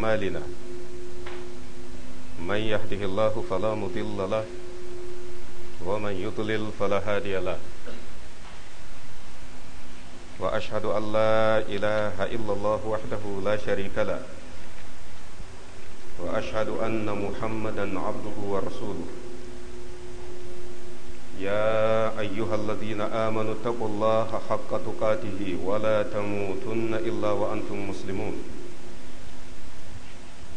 مالنا من يهده الله فلا مضل له ومن يضلل فلا هادي له واشهد ان لا اله الا الله وحده لا شريك له واشهد ان محمدا عبده ورسوله يا ايها الذين امنوا اتقوا الله حق تقاته ولا تموتن الا وانتم مسلمون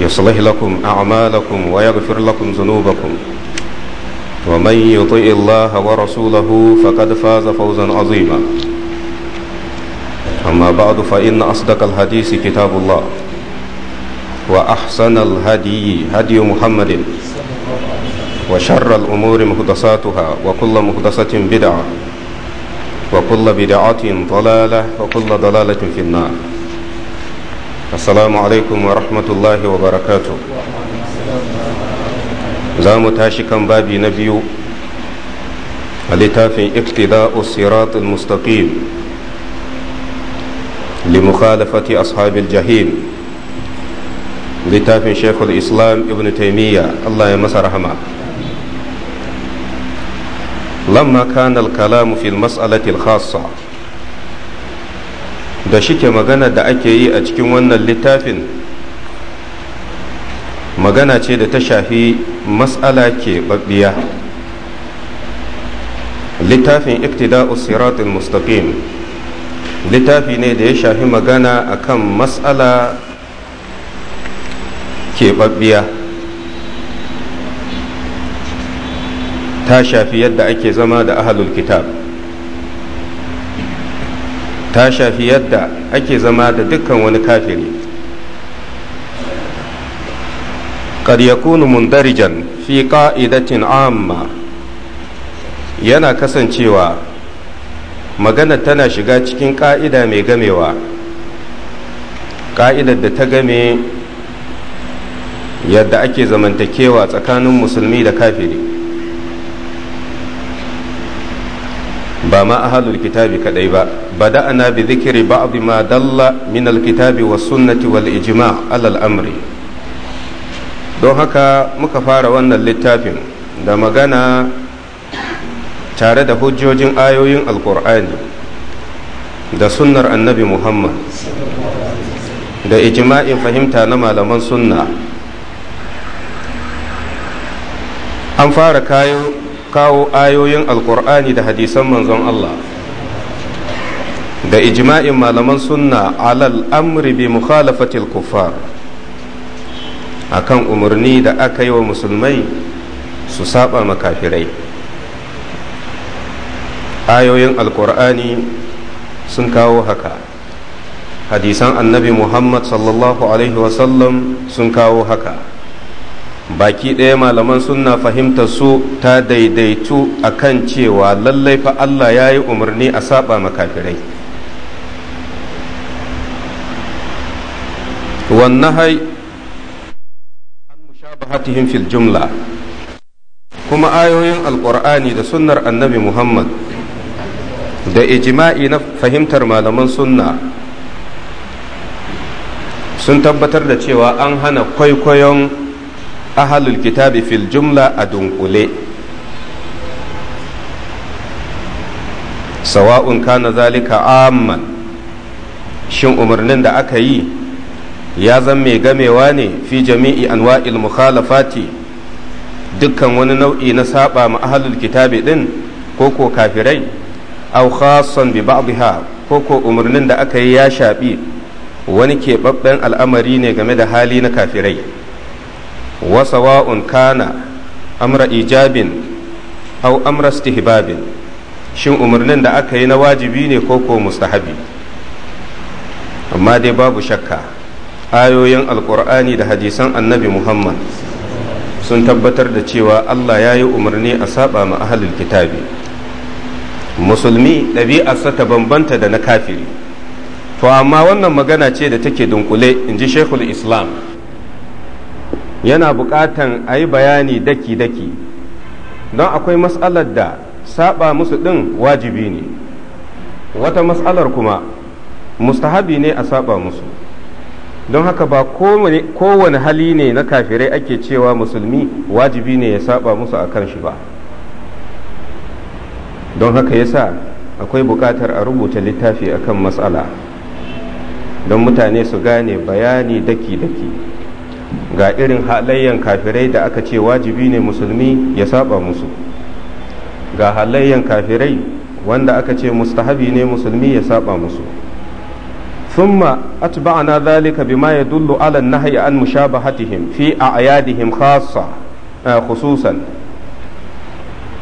يصلح لكم أعمالكم ويغفر لكم ذنوبكم ومن يطع الله ورسوله فقد فاز فوزا عظيما أما بعد فإن أصدق الحديث كتاب الله وأحسن الهدي هدي محمد وشر الأمور مهدساتها وكل مهدسة بدعة وكل بدعة ضلالة وكل ضلالة في النار السلام عليكم ورحمة الله وبركاته زام تاشكم بابي نبيو لتاف اقتداء الصراط المستقيم لمخالفة أصحاب الجحيم لتاف شيخ الإسلام ابن تيمية الله يمس رحمه لما كان الكلام في المسألة الخاصة da shike magana da ake yi a cikin wannan littafin magana ce da ta shafi matsala ke babbiya littafin iktida'u siratul mustaqim littafi ne da ya shafi magana akan matsala babbiya ta shafi yadda ake zama da ahalul kitab ta shafi yadda ake zama da dukkan wani kafiri قد يكون مندرجا fi قاعدة amma. yana kasancewa magana tana shiga cikin ƙa'ida mai gamewa ƙa'idar da ta game yadda ake zamantakewa tsakanin musulmi da kafiri ba ma ahalul kitabi kadai ba bada'ana bi dhikri ba'd ma dalla min alkitabi was sunnati wal ijma' alal amri don haka muka fara wannan littafin da magana tare da hujjojin ayoyin alkur'ani da sunnar annabi muhammad da ijma'in fahimta na malaman sunna an fara kayo kawo ayoyin alkur'ani da hadisan manzon Allah da ijma'in malaman sunna alal amri bi mukhalafatil kuffar akan umarni da aka yi wa musulmai su saba makafirai ayoyin alkur'ani sun kawo haka hadisan annabi muhammad sallallahu alaihi wasallam sun kawo haka baki ɗaya malaman sunna fahimtar su ta daidaitu akan cewa lallai fa Allah ya yi umarni a saba makafirai wannan hai an mushabahatihim fil jumla kuma ayoyin alkur'ani da sunnar annabi muhammad da ijima'i na fahimtar malaman sunna sun tabbatar da cewa an hana kwaikwayon ahalul kitabi fil jumla a dunkule sawa'un kana zalika amman shin umarnin da aka yi ya zan mai gamewa ne fi jami'i anwa'il mukhalafati dukkan wani nau'i na saba ma ahalul kitabi din ko ko kafirai aw khassan bi ba'dha ko ko umarnin da aka yi ya shafi wani keɓaɓɓen al'amari ne game da hali na kafirai wa sawa'un kana amra ijabin aw amra istihbabin shin umarnin da aka yi na wajibi ne ko ko mustahabi amma dai babu shakka ayoyin alkur'ani da hadisan annabi muhammad sun tabbatar da cewa allah ya yi umarni a saba ma ahalul kitabi musulmi ɗabi'arsa ta bambanta da na kafiri to amma wannan magana ce da take dunkule in ji islam yana buƙatan a yi bayani daki-daki don akwai matsalar da saba musu ɗin wajibi ne wata matsalar kuma mustahabi ne a saba musu don haka ba kowane hali ne na kafirai ake cewa musulmi wajibi ne ya saba musu a shi ba don haka yasa akwai buƙatar a rubuta littafi akan matsala don mutane su gane bayani daki-daki ga irin halayyan kafirai da aka ce wajibi ne musulmi ya saba musu ga halayyan kafirai wanda aka ce mustahabi ne musulmi ya saba musu thumma atba'na dhalika bima yadullu ala an-nahyi an mushabahatihim fi a'yadihim khassa eh, khususan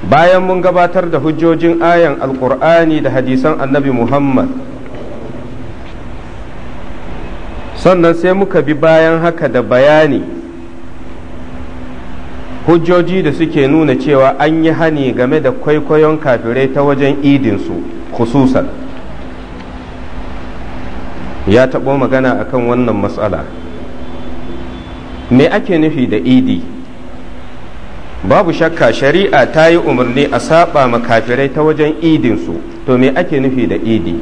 bayan mun gabatar da hujjojin ayan alqur'ani da hadisan annabi muhammad sannan sai muka bi bayan haka da bayani hujjoji da suke nuna cewa an yi hani game da kwaikwayon kafirai ta wajen idinsu khususan ya taɓo magana a kan wannan matsala me ake nufi da idi babu shakka shari'a ta yi umarni a saba ma kafirai ta wajen idinsu to me ake nufi da idi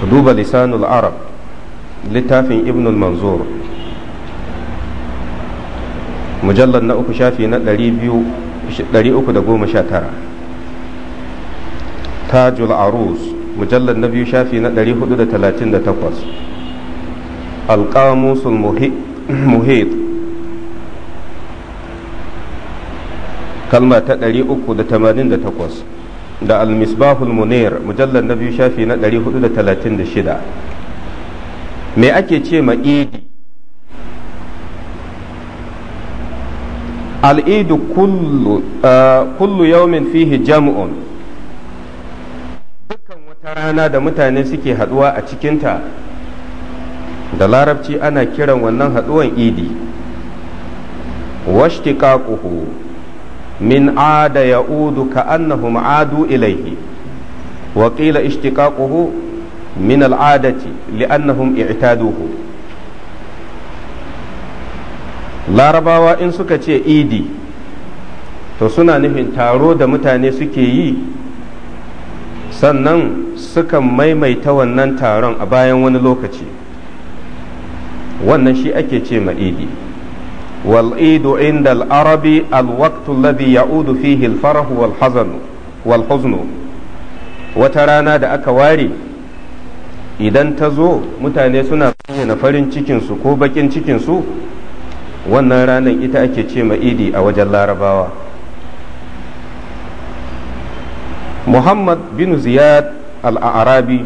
Ka duba lisanul arab littafin ibnul manzur mujallar na uku shafi na 319 tajul arus mujallar na biyu shafi na 438 alƙamusul muhit kalma ta 388 da Almisbahul misbahul munir mujallar na biyu shafi na 436 me ake ce ma idi al'idu kullu yaumin fihi jam'un dukkan wata rana da mutane suke haduwa a cikinta da larabci ana kiran wannan haduwan idi washtiqaquhu min ada ya'udu ka'annahum adu ilaihi wa qila ishtiqaquhu min al'adati li'annahum i'taduhu larabawa in suka ce idi to suna nufin taro da mutane suke yi sannan sukan maimaita wannan taron a bayan wani lokaci wannan shi ake ce ma idi والعيد عند العرب الوقت الذي يعود فيه الفرح والحزن والحزن وترانا دا أكواري idan ta zo mutane suna bayyana farin cikinsu ko bakin cikinsu wannan ranar ita ake ce ma idi a wajen larabawa muhammad bin ziyad al-arabi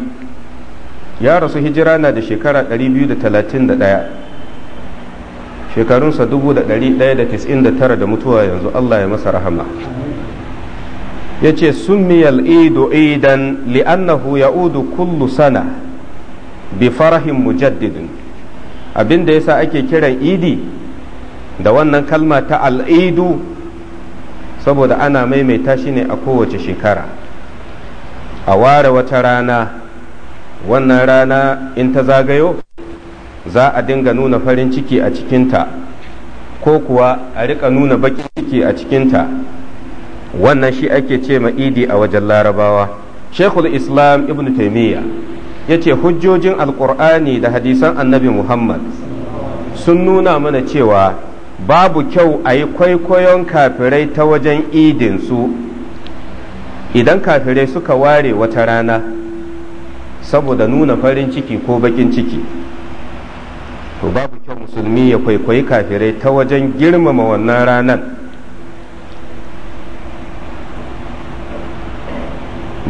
ya rasu hijira na da shekara 231 shekarunsa 1199 da mutuwa yanzu Allah ya masa rahama ya ce summiyal idu idan li'annahu ya'udu kullu sana bi farahin mujaddidin abinda da yasa ake kiran idi da wannan kalma ta al'idu saboda ana maimaita shi ne a kowace shekara a ware wata rana wannan rana in ta zagayo za a dinga nuna farin ciki a cikinta ko kuwa a rika nuna bakin ciki a cikinta wannan shi ake ce ma idi a wajen larabawa shekul islam ibn taimiyya ya ce hujjojin alkur'ani da hadisan annabi muhammad sun nuna mana cewa babu kyau a yi kwaikwayon kafirai ta wajen idinsu idan kafirai suka ware wata rana saboda nuna farin ciki ko bakin ciki to babu kyau musulmi ya kwaikwayi kafirai ta wajen girmama wannan ranar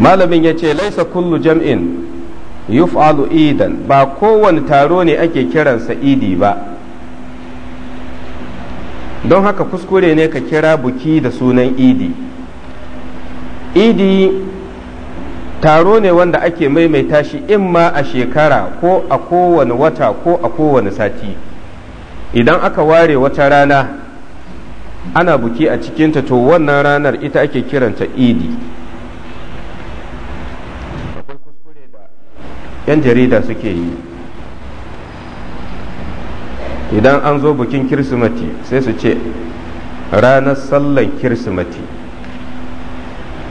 malamin ya ce laisa kullu jam'in yuf'alu idan ba kowane taro ne ake kiransa idi ba don haka kuskure ne ka kira buki da sunan idi idi taro ne wanda ake maimaita shi imma a shekara ko a kowane wata ko a kowane sati idan aka ware wata rana ana buki a cikinta to wannan ranar ita ake kiranta idi akwai kuskure da 'yan jarida suke yi idan an zo bukin kirsimati sai su ce ranar sallar kirsimati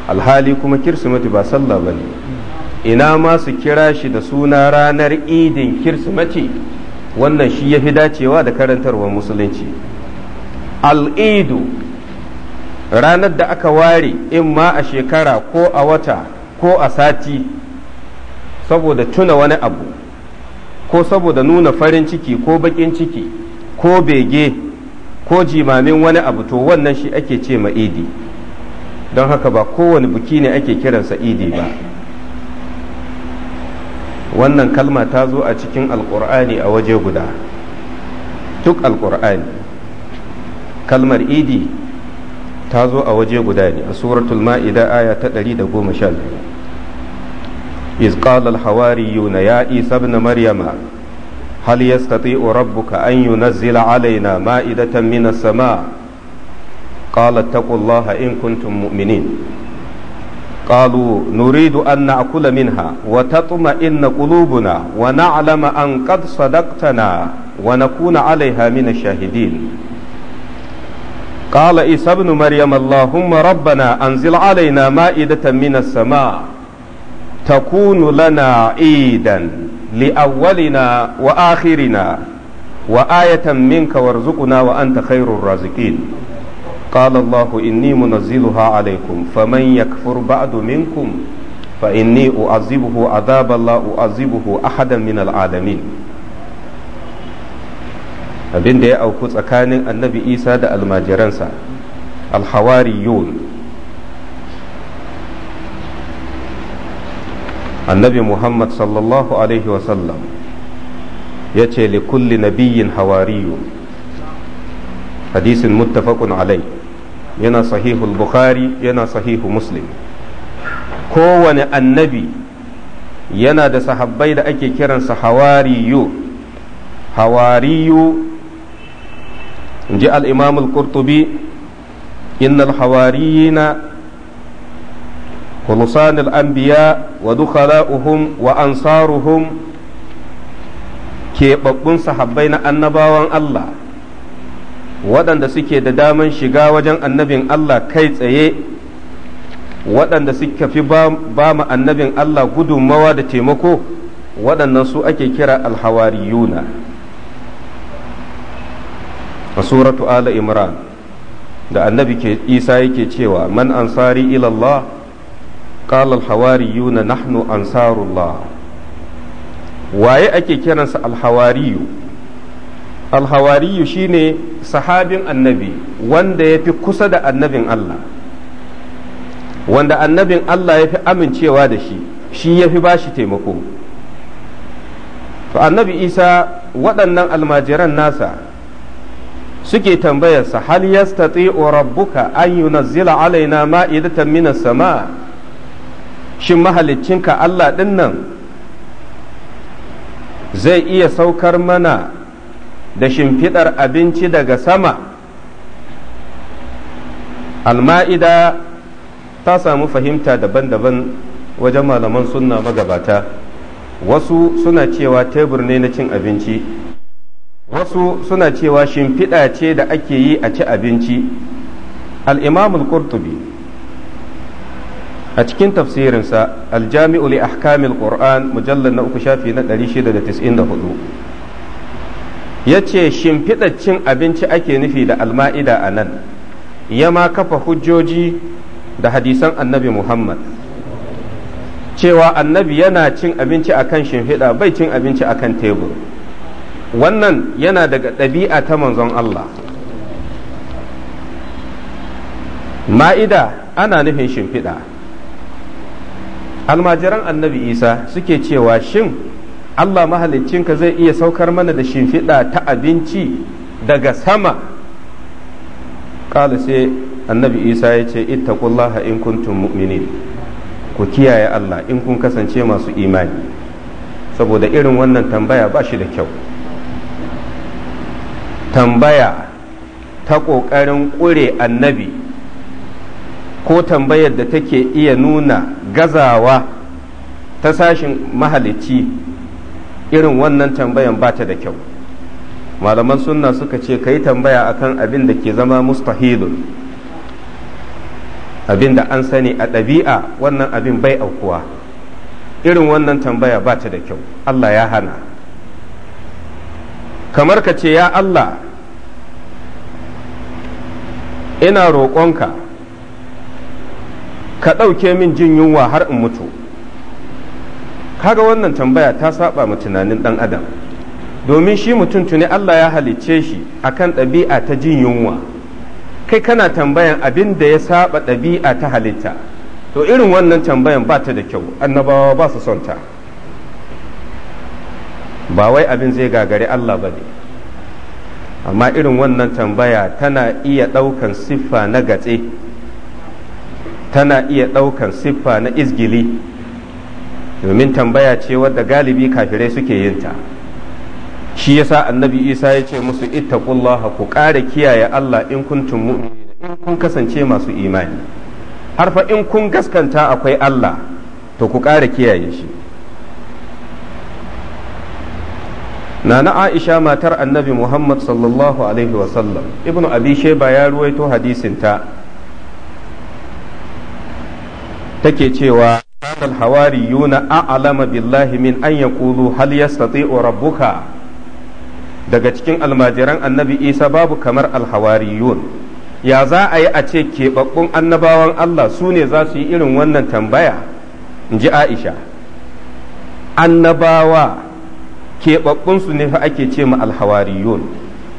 alhali kuma kirsimati ba sallah ba ne ina ma su kira shi da suna ranar idin kirsimati wannan shi ya fi dacewa da karantarwa musulunci al'idu ranar da aka ware in ma a shekara ko a wata ko a sati saboda tuna wani abu ko saboda nuna farin ciki ko bakin ciki ko bege ko jimamin wani abu to wannan shi ake ce ma idi don haka ba kowane buki ne ake kiransa idi ba wannan kalma ta zo a cikin alkur'ani a waje guda duk alkur'ani kalmar idi ta zo a waje guda ne a suratul ma'ida aya ta 112 إذ قال الحواريون يا عيسى ابن maryama hal يستطيع rabbuka an ينزل alaina ma'idatan من sama. قال اتقوا الله إن كنتم مؤمنين قالوا نريد أن نأكل منها وتطمئن قلوبنا ونعلم أن قد صدقتنا ونكون عليها من الشاهدين قال عيسى ابن مريم اللهم ربنا أنزل علينا مائدة من السماء تكون لنا عيدا لأولنا وآخرنا وآية منك وارزقنا وأنت خير الرازقين قال الله إني منزلها عليكم فمن يكفر بعد منكم فإني أعذبه عذابا لا أعذبه أحدا من العالمين abin da ya auku tsakanin annabi isa da almajiransa alhawariyun annabi muhammad sallallahu alaihi wasallam ya ce likulli nabiyyin hawariyun hadisin muttafaqun alai yana sahihul bukhari yana sahihu muslim kowane annabi yana da sahabbai da ake kiransa hawariyu hawariyu in ji al'imam al-qurtubi innal hawariyina خلصان الأنبياء ودخلاؤهم وأنصارهم keɓaɓɓun sahabbai na annabawan Allah waɗanda suke da daman shiga wajen annabin Allah kai tsaye waɗanda suka fi ba annabin Allah gudunmawa da taimako waɗannan su ake kira alhawariyuna a suratu ala imran da annabi isa yake cewa man ansari ilallah qala alhawariyuna nahnu ansarullah waye ake kiransa alhawariyu alhawariyu shine sahabin annabi wanda ya fi kusa da annabin Allah wanda annabin Allah ya fi amincewa da shi shi ya fi bashi taimako to annabi isa waɗannan almajiran nasa suke tambayarsa hal yastati'u rabbuka an yunazzila alaina ma'idatan minas sama shin mahalicinka Allah ɗinnan zai iya saukar mana da shimfiɗar abinci daga sama alma'ida ta samu fahimta daban-daban wajen malaman sunna magabata wasu suna cewa tebur ne na cin abinci wasu suna cewa shimfiɗa ce da ake yi a ci abinci al'imamul qurtubi a cikin tafsirinsa aljami'u li ahkamil qur'an mujallar na uku shafi na 694 ya ce shimfiɗa cin abinci ake nufi da alma'ida a nan ya ma kafa hujjoji da hadisan annabi muhammad cewa annabi yana cin abinci a akan shimfiɗa bai cin abinci a kan tebur wannan yana daga ɗabi'a ta manzon Allah ma'ida ana nufin shimfiɗa almajiran annabi isa suke cewa shin Allah mahaliccinka zai iya saukar mana da shimfiɗa ta abinci daga sama Kala sai annabi isa ya ce ittaqullaha in kuntum mu'minin ku kiyaye Allah in kun kasance masu imani saboda irin wannan tambaya ba shi da kyau tambaya ta ƙoƙarin ƙure annabi ko tambayar da take iya nuna gazawa ta sashin mahalicci irin wannan tambayan ba ta da kyau malaman sunna suka ce ka yi tambaya akan abin da ke zama mustahilun abin da an sani a ɗabi'a wannan abin bai aukuwa irin wannan tambaya ba ta da kyau Allah ya hana kamar ka ce ya Allah ina roƙonka ka ɗauke min jin yunwa har in mutu kaga wannan tambaya ta saba mu tunanin dan adam domin shi mutum tuni Allah ya halicce shi akan ɗabi'a ta jin yunwa kai kana tambayan abin da ya saba ɗabi'a ta halitta to irin wannan tambayan ba ta da kyau annabawa ba su son ta ba wai abin zai gagari Allah ba ne amma irin wannan tambaya tana iya ɗaukan siffa na gatse tana iya ɗaukan siffa na izgili domin tambaya ce wadda galibi kafirai suke yin ta shi yasa annabi isa ya ce musu ittaqullaha ku ƙara kiyaye Allah in kuntum mu'minin in kun kasance masu imani har fa in kun gaskanta akwai Allah to ku ƙara kiyaye shi nana Aisha matar annabi Muhammad sallallahu alaihi wasallam ibnu abi sheba ya ruwaito hadisinta ta take cewa كان الحواريون أعلم بالله من أن يقولوا هل يستطيع ربك daga cikin almajiran annabi isa babu kamar alhawariyun ya za a yi a ce keɓaɓɓun annabawan allah su ne za su yi irin wannan tambaya in ji aisha annabawa keɓaɓɓunsu ne fa ake ce ma alhawariyun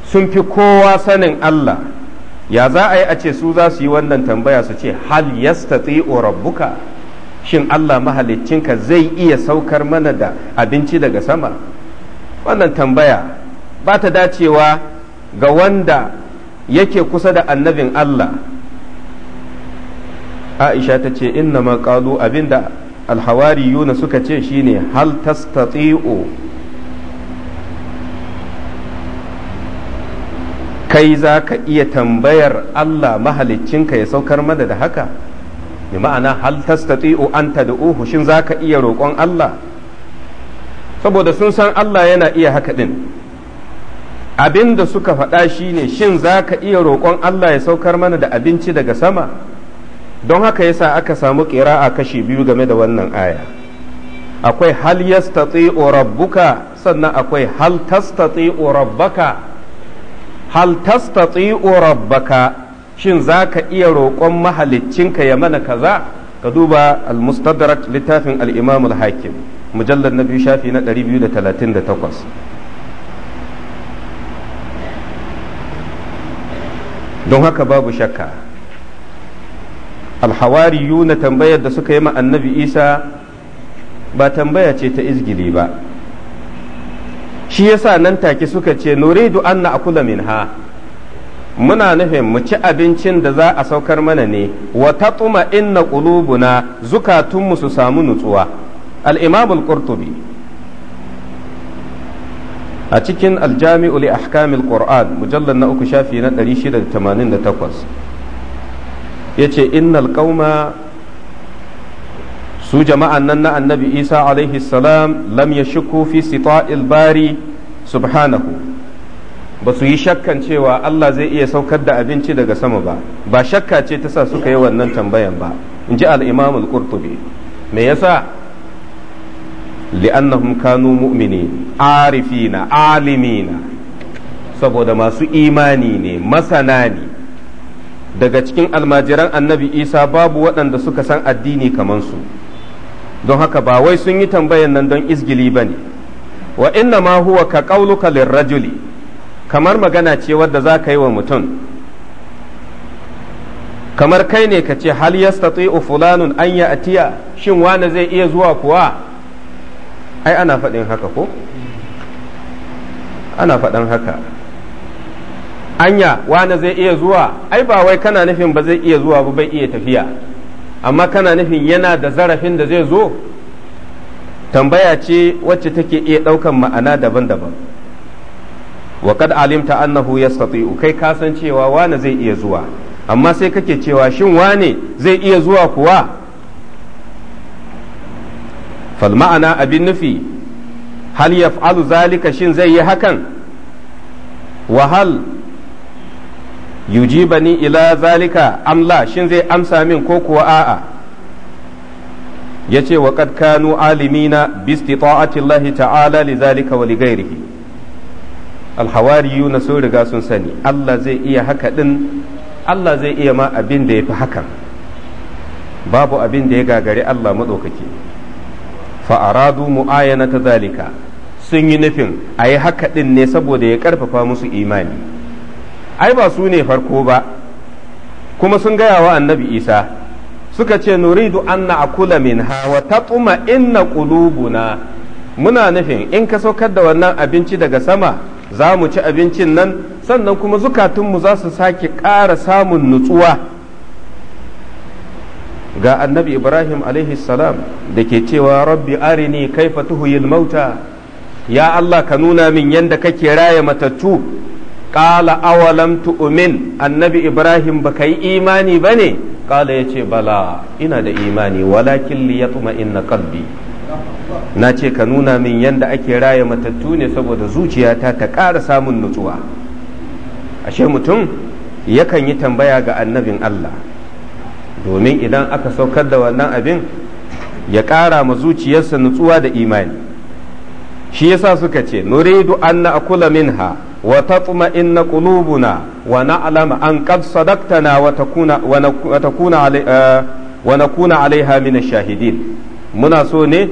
sun fi kowa sanin allah ya za a yi a ce su za su yi wannan tambaya su ce hal yastati rabbuka shin Allah mahalicinka zai iya saukar mana da abinci daga sama wannan tambaya ba ta dacewa ga wanda yake kusa da annabin Allah Aisha ta ce inna maƙalu abinda alhawariyuna suka ce shine hal tastati'u kai za ka iya tambayar Allah mahalicinka ya saukar mana da haka bi ma'ana hal tastati'u an tad'uhu shin zaka iya roƙon Allah saboda sun san Allah yana iya haka din abin da suka faɗa shine shin zaka iya roƙon Allah ya saukar mana da abinci daga sama don haka yasa aka samu ƙira'a kashi biyu game da wannan aya akwai hal yastati'u rabbuka sannan akwai hal tastati'u rabbaka hal tastati'u rabbaka shin za ka iya roƙon mahaliccinka ya mana kaza ka duba al-mustadrak littafin alimam al-hakim mujallar na biyu shafi na 238 don haka babu shakka alhawariyu na tambayar da suka yi ma annabi isa ba tambaya ce ta izgili ba shi yasa nan take suka ce nuridu anna akula ha. muna nufin mu ci abincin da za a saukar mana ne wa taquma inna qulubuna zukatunmu su samu nutsuwa al-imam a cikin aljami'u jamiu ahkamil qur'an mujallar na uku shafi na 688 yace innal qauma su jama'an nan na annabi isa alaihi salam lam yashku fi sita'il bari subhanahu ba su yi shakkan cewa Allah zai iya saukar da abinci daga sama ba ba shakka ce ta sa suka yi wannan tambayan ba in ji Me ya sa? Li'an me yasa li'annahum kanu mu'mini arifina alimina saboda masu imani ne masana ne daga cikin almajiran annabi isa babu waɗanda suka san addini kamar su don haka ba wai sun yi tambayan nan don izgili ba ne wa inna ma huwa ka ƙaunuka lirrajuli kamar magana ce wadda za ka yi wa mutum kamar kai ne ka ce hal yastati'u fulanun an ya atiya shin wani zai iya zuwa kuwa ai ana faɗin haka ko ana faɗin haka anya wani zai iya zuwa ai ba wai kana nufin ba zai iya zuwa ba bai iya tafiya amma kana nufin yana da zarafin da zai zo tambaya ce wacce take iya ɗaukan ma'ana daban-daban waƙar kad alimta annahu yastati'u kai ka san cewa wane zai iya zuwa amma sai kake cewa shin wane zai iya zuwa kuwa fal ma'ana abin nufi hal yaf'alu zalika shin zai yi hakan wa hal yujibani ila zalika amla shin zai amsa min ko kuwa a'a yace wa kad kanu alimina bi istita'ati Allah ta'ala li zalika wa li ghairihi alhawariyuna sun riga sun sani Allah zai iya haka din Allah zai iya ma abin da ya fi hakan babu abin da ya gagari Allah maɗaukaki fa'aradu mu'ayana ta zalika sun yi nufin a yi haka din ne saboda ya ƙarfafa musu imani ai ba su ne farko ba kuma sun gaya wa annabi isa suka ce nuridu anna akula min hawa ta tsuma inna ƙulubuna muna nufin in ka saukar da wannan abinci daga sama za mu ci abincin nan sannan kuma zukatunmu za su sake ƙara samun nutsuwa ga annabi ibrahim salam da ke cewa rabbi arini kaifa tuhuyil mauta ya allah ka nuna min yadda kake raya matattu ƙala awalam tu'min annabi ibrahim baka yi imani ba ne ƙala ya ce bala ina da imani walakin liyatma inna qalbi na ce ka nuna min yadda ake raya matattu ne saboda zuciyata ta ƙara samun nutsuwa ashe mutum yakan yi tambaya ga annabin Allah domin idan aka saukar da wannan abin ya ƙara ma zuciyarsa nutsuwa da imani shi yasa suka ce nuridu an na akula minha wa ta inna in wa na'lama an qad alama wa takuna wa na kuna eh, alaiha min shahidin muna so ne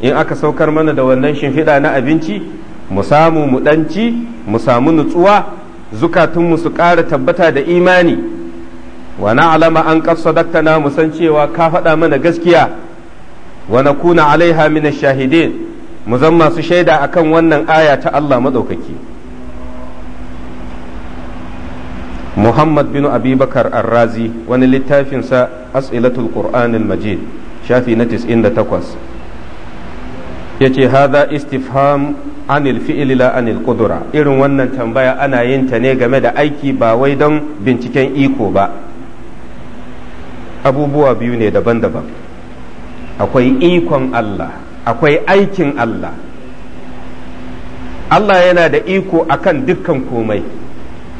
in aka saukar mana da wannan shimfiɗa na abinci mu samu mu ɗanci mu samu nutsuwa zukatunmu su ƙara tabbata da imani wa alama an na mu san cewa ka faɗa mana gaskiya wa nakuna alaiha min shahidin mu zan masu shaida a kan wannan aya ta Allah maɗaukaki. Muhammad bin Abi Bakar Ar-Razi wani littafinsa As'ilatul Qur'anil Majid shafi na 98 ya ce haza istifham anil fi'ili la anil kudura irin wannan tambaya ana yin ta ne game da aiki ba wai don binciken iko ba abubuwa biyu ne daban-daban akwai ikon Allah akwai aikin Allah Allah yana da iko akan dukkan komai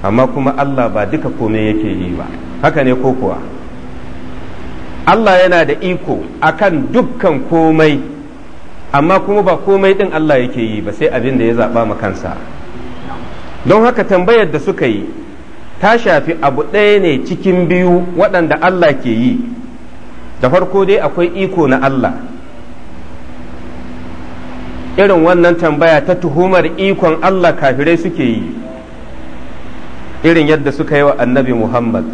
amma kuma Allah ba duka komai yake yi ba haka ne ko kuwa Allah yana da iko akan dukkan komai amma kuma ba komai ɗin Allah yake yi ba sai abin da ya zaɓa ma kansa don haka tambayar da suka yi ta shafi abu ɗaya ne cikin biyu waɗanda Allah ke yi da farko dai akwai iko na Allah irin wannan tambaya ta tuhumar ikon Allah kafirai suke yi irin yadda suka yi wa annabi Muhammad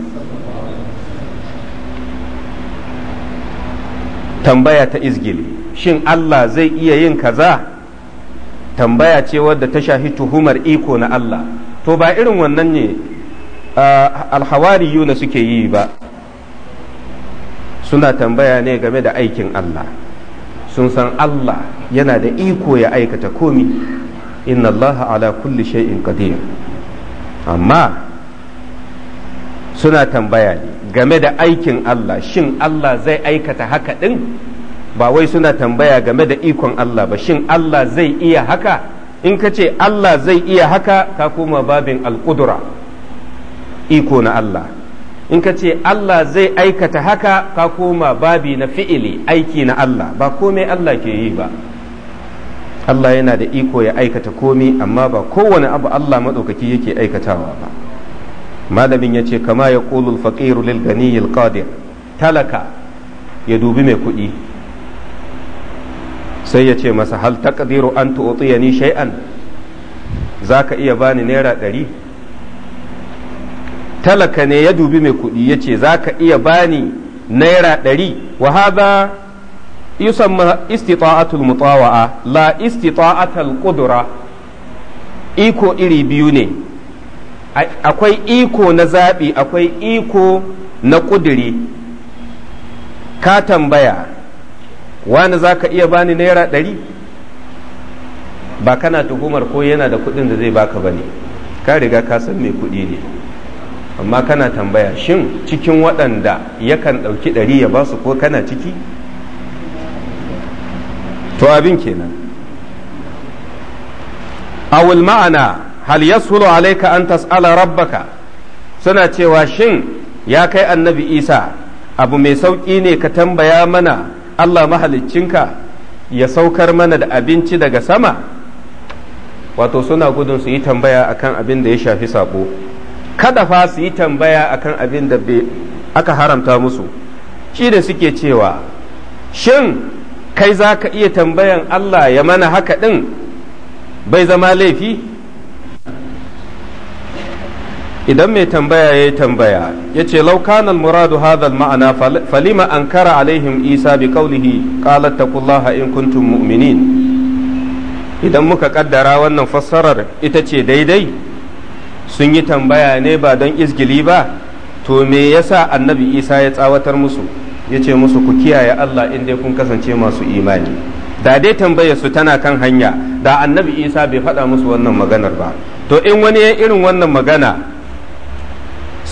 tambaya ta izgili shin Allah zai iya yin kaza tambaya ce wadda ta shahi tuhumar iko na Allah to ba irin wannan ne na suke yi ba suna tambaya ne game da aikin Allah sun san Allah yana da iko ya aikata komi inna Allah ala kulli shay'in qadir amma suna tambaya ne game da aikin Allah shin Allah zai aikata haka din? ba wai suna tambaya game da ikon Allah ba shin Allah zai iya haka in ka ce Allah zai iya haka ka koma babin alƙudura iko na Allah in ka ce Allah zai aikata haka ka koma babi na fi'ili aiki na Allah ba komai Allah ke yi ba Allah yana da iko ya aikata komi amma ba kowane abu Allah maɗaukaki yake aikatawa ba malamin ya ce kama ya ƙulul faƙiru lil talaka ya dubi mai kuɗi sai ya ce masa hal taqdiru an tu'tiyani shay'an zaka iya bani naira ɗari talaka ne ya dubi mai kuɗi ya ce zaka iya bani naira ɗari wa hadha yusamma istita'atul mutawa'a la istita'atul qudra iko iri biyu ne akwai iko na zaɓi akwai iko na ƙuduri ka tambaya wani za ka iya bani naira ɗari ba kana tuhumar ko yana da kuɗin da zai baka ba ne ka riga ka san mai kuɗi ne amma kana tambaya shin cikin waɗanda yakan ɗauki ɗari ya basu ko kana ciki to abin kenan awul ma'ana hal yasulu alaika an tas'ala rabbaka suna cewa shin ya kai annabi isa abu mai sauƙi ne ka tambaya mana Allah mahaliccinka ya saukar mana da abinci daga sama wato suna gudun su yi tambaya akan abin da ya shafi sabo kada fa su yi tambaya akan abin da aka haramta musu shi da suke cewa shin kai za ka iya tambayan Allah ya mana haka ɗin bai zama laifi idan mai tambaya ya yi tambaya ya ce laukanan muradu hadal ma'ana falima an kara alaihim isa bi kaulihi ta taqullaha in kuntum mu'minin idan muka kaddara wannan fassarar ita ce daidai sun yi tambaya ne ba don izgili ba to me yasa annabi isa ya tsawatar musu ya ce musu ku kiyaye allah in dai kun kasance masu imani da dai tambayar su tana kan hanya da annabi isa bai faɗa musu wannan maganar ba to in wani ya irin wannan magana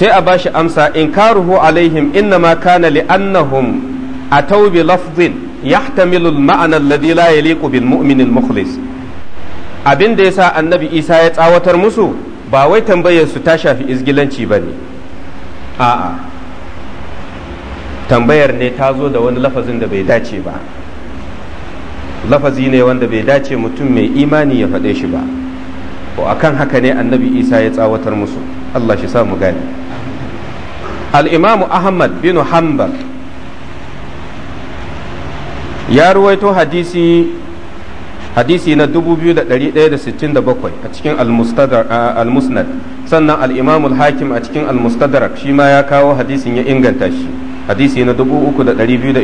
sai a ba shi amsa in karuhu alaihim innama kana annahum atau bi lafzin yahtamilu al-ma'ana alladhi la yaliqu bil mu'min al-mukhlis abin da yasa annabi Isa ya tsawatar musu ba wai tambayar su ta shafi izgilanci bane a'a tambayar ne ta zo da wani lafazin da bai dace ba lafazi ne wanda bai dace mutum mai imani ya faɗe shi ba akan haka ne annabi isa ya tsawatar musu allah shi sa mu gane al'imamu ahmad bin hanbal ya ruwaito hadisi hadisi na 2167 a cikin al-musnad sannan al hakim a cikin al-mustadrak shi ma ya kawo hadisin ya inganta shi hadisi na 3225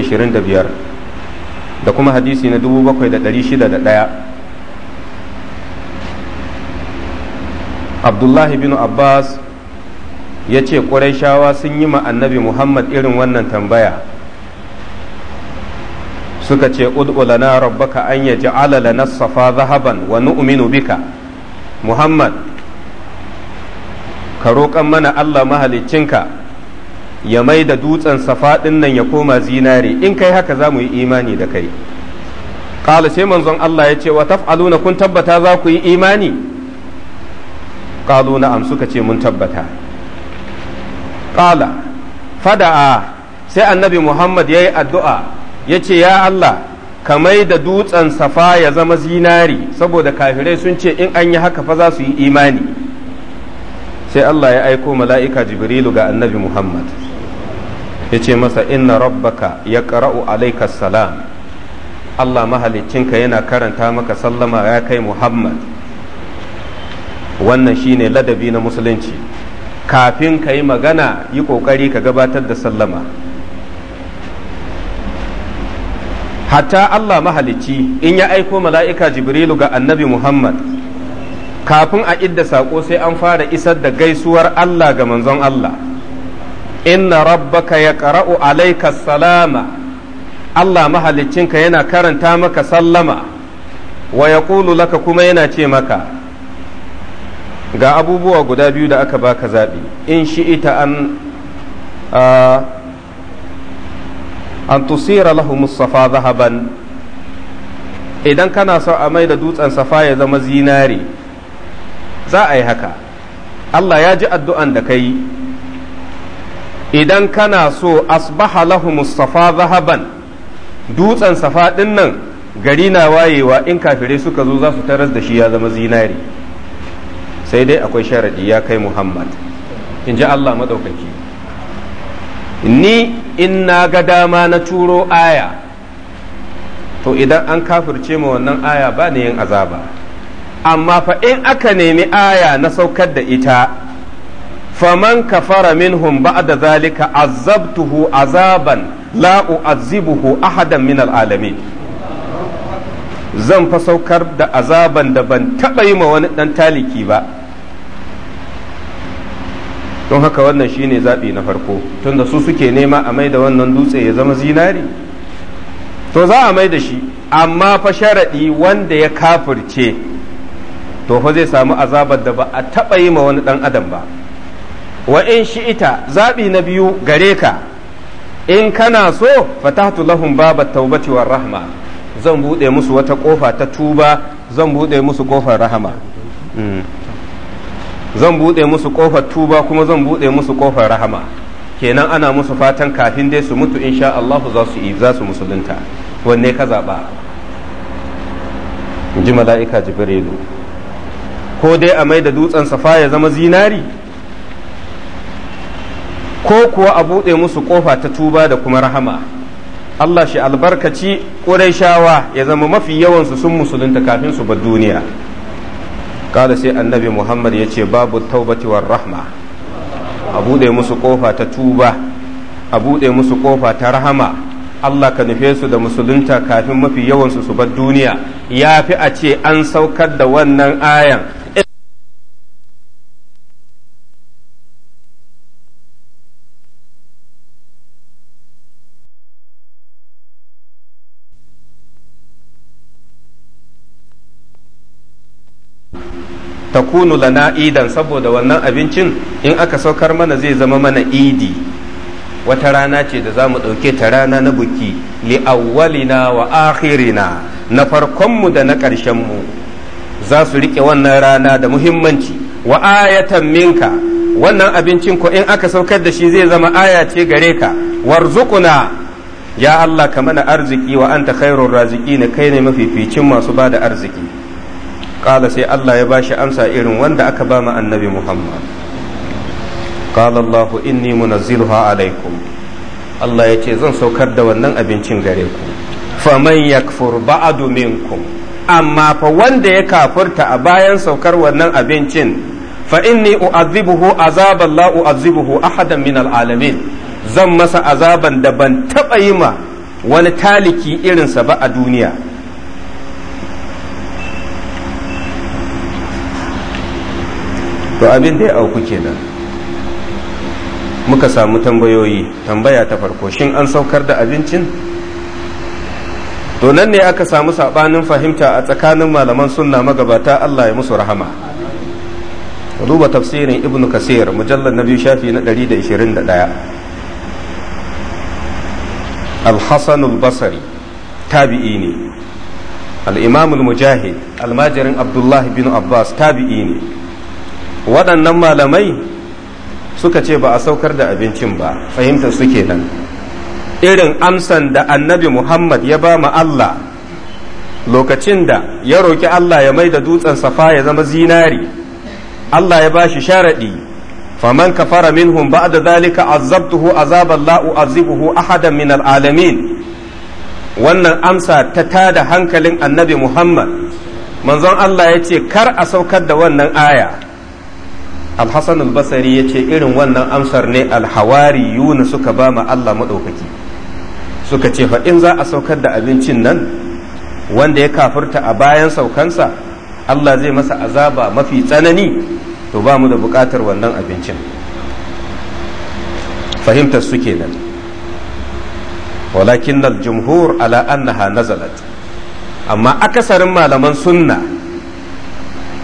da kuma hadisi na dubu bakwai da da dari shida 7601 abdullahi bin abbas ya ce shawa sun yi ma annabi muhammad irin wannan tambaya suka ce na rabbaka an ya alala lana safa zahaban wa nu'minu bika muhammad ka roƙan mana allah mahaliccinka ya mai da dutsen safa ɗin nan ya koma zinare in kai haka za mu yi imani da kai ƙala sai manzon allah ya ce wa kun tabbata za ku yi imani ƙalu am suka ce mun tabbata qala fada'a sai annabi muhammad ya yi addu'a ya ce ya allah kamai da dutsen safa ya zama zinari saboda kafirai sun ce in an yi haka fa za su yi imani sai allah ya aiko mala'ika jibrilu ga annabi muhammad ya ce masa inna rabbaka ya ƙara'u salam allah ka yana karanta maka sallama ya kai muhammad wannan shine ladabi na musulunci kafin ka yi magana yi ƙoƙari ka gabatar da sallama hatta Allah mahalicci in ya aiko mala'ika jibrilu ga annabi Muhammad kafin a idda saƙo sai an fara isar da gaisuwar Allah ga manzon Allah inna rabbaka ya ƙara'u alaika salama Allah mahaliccinka yana karanta maka sallama wa ya laka kuma yana ce maka ga abubuwa guda biyu da aka baka zaɓi in shi'ita an an tusira lahumus safa zahaban idan kana so a mai da dutsen safa ya zama zinare za a yi haka Allah ya ji addu'an da ka yi idan kana so asbaha lahumus safa zahaban dutsen safa ɗin nan gari na wayewa in kafirai suka zo za su taras da shi ya zama zinare sai dai akwai sharadi ya kai muhammad in ji allah maɗaukaki ni in na ga dama na turo aya to idan an kafirce ma wannan aya ba ni yin azaba amma fa in aka nemi aya na saukar da ita faman kafara minhum ba'da zalika azabtuhu azaban la u'azzibuhu ahadan min alalami zan fa saukar da azaban da ban taɓa yi ma wani ɗan taliki ba don haka wannan shine zaɓi na farko tunda su suke nema a mai da wannan dutse ya zama zinari to za a mai da shi amma fa sharaɗi wanda ya kafirce to fa zai samu azabar da ba a taɓa yi ma wani ɗan adam ba wa in shi ita, zaɓi na biyu gare ka in kana so fatahtu lahum baba taubati war rahma zan buɗe musu wata ƙofa ta tuba zan buɗe musu ƙofar rahama hmm. zan buɗe musu ƙofar tuba kuma zan buɗe musu ƙofar rahama kenan ana musu fatan kafin dai su mutu insha Allah za su yi za su musulunta wanne ka zaɓa ji mala'ika jibrilu ko dai a mai da dutsen safa ya zama zinari ko kuwa a buɗe musu ƙofa ta tuba da kuma rahama Allah shi albarkaci ƙurai shawa ya zama mafi yawansu sun musulunta kafin su bar duniya قال sai annabi muhammad ya ce babu والرحمة أبو rahma a buɗe musu دي ta tuba a buɗe musu ƙofa ta rahama Allah ka nufe su da musulunta kafin mafi yawansu su bar duniya ya fi a ce an saukar da wannan ayan takunu lana idan saboda wannan abincin in aka saukar mana zai zama mana idi wata rana ce da zamu mu ɗauke ta rana na buki li awwalina wa akhirina na farkon mu da na mu za su riƙe wannan rana da muhimmanci wa ayatan minka wannan abincin ko in aka saukar da shi zai zama aya ce gare ka warzuquna ya Allah ka mana arziki wa anta khairur raziqina kai ne mafificin masu bada arziki ƙala sai Allah ya bashi amsa irin wanda aka ba ma annabi Muhammad ƙala Allah inni munazziluha alaikum Allah ya ce zan saukar da wannan abincin gare ku faman yakfur ba'adu minkum amma fa wanda ya kafurta a bayan saukar wannan abincin fa inni u'adhibuhu azaban la u'adhibuhu ahadan min al'alamin zan masa azaban da ban taɓa yi ma wani taliki irinsa ba a duniya to abin da ya auku kenan muka samu tambayoyi tambaya ta farko shin an saukar da abincin to nan ne aka samu sabanin fahimta a tsakanin malaman sunna magabata Allah ya musu rahama duba tafsirin ibn kasir mujallar na biyu shafi na 121 al-hasan al-basri tabi'i ne al-imam al-mujahid almajirin abdullahi bin abbas tabi'i ne waɗannan malamai suka ce ba a saukar da abincin ba fahimtar suke nan. irin amsan da annabi muhammad ya ba ma allah lokacin da ya roƙi allah ya mai da dutsen safa ya zama zinari allah ya ba shi sharaɗi فمن كفر منهم بعد ذلك عذبته عذابا la'u أعذبه أحدا من alamin. wannan amsa ta tada hankalin annabi Muhammad manzon Allah ya ce kar a saukar da wannan aya alhassan albasari ya ce irin wannan amsar ne alhawari yuna suka ba mu allah maɗaukaki suka ce fa in za a saukar da abincin nan wanda ya kafurta a bayan saukansa allah zai masa azaba mafi tsanani to ba mu da buƙatar wannan abincin fahimtar su kenan walakin al jumhur ala annaha nazalat amma akasarin malaman sunna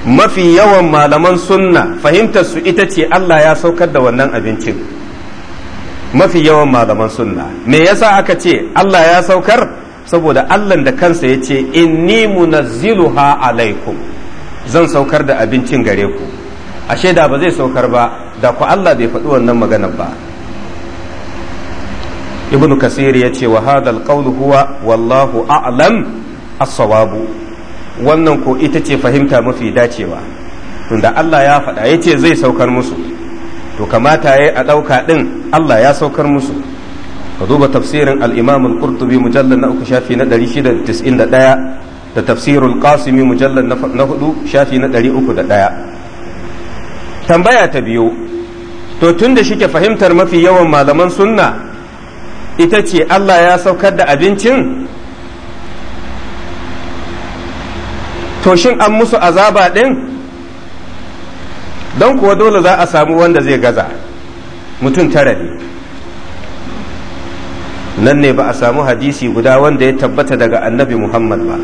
mafi yawan malaman sunna fahimtar su ita ce Allah ya saukar da wannan abincin mafi yawan malaman sunna me yasa aka ce Allah ya saukar saboda Allah da kansa ya ce inni munazziluha alaikum zan saukar da abincin gare ku ashe da ba zai saukar ba da ku Allah bai faɗi wannan maganar ba ibnu kasir ya ce wa hadal qawlu huwa wallahu a'lam as-sawabu wannan ko ita ce fahimta mafi dacewa tunda Allah ya faɗa ya ce zai saukar musu to kamata ya a ɗauka ɗin Allah ya saukar musu ka duba tafsirin al-imam al-qurtubi mujallal na uku shafi na 691 da tafsirul qasimi mujallal na hudu shafi na 301 tambaya ta biyu to tun da shike fahimtar mafi yawan malaman sunna ita ce Allah ya saukar da abincin to shin an musu azaba ɗin don kuwa dole za a samu wanda zai gaza mutum tara ne nan ne ba a samu hadisi guda wanda ya tabbata daga annabi muhammad ba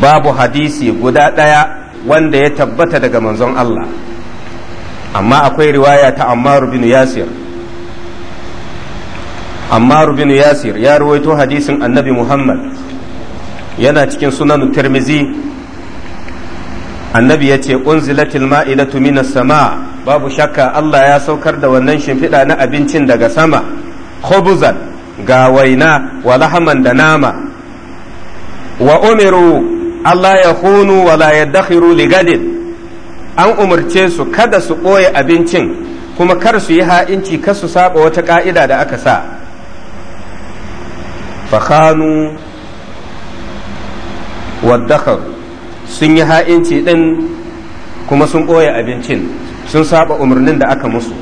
babu hadisi guda ɗaya wanda ya tabbata daga manzon allah amma akwai riwaya ta ammaru bin yasir ammaru bin yasir ya ruwaito hadisin annabi muhammad yana cikin sunan tirmizi annabi ya ce unzilatil ma'idatu minas sama babu shakka Allah ya saukar da wannan shimfiɗa na abincin daga sama khubuzan ga waina wa lahaman da nama wa umiru Allah ya hunu wa la yaddakhiru ligadin an umarce su kada su ɓoye abincin kuma kar su yi ha'inci kar su saba wata ka'ida da aka sa fakhanu waddakhar sun yi ha'inci ɗin kuma sun ɓoye abincin sun saba umarnin da aka musu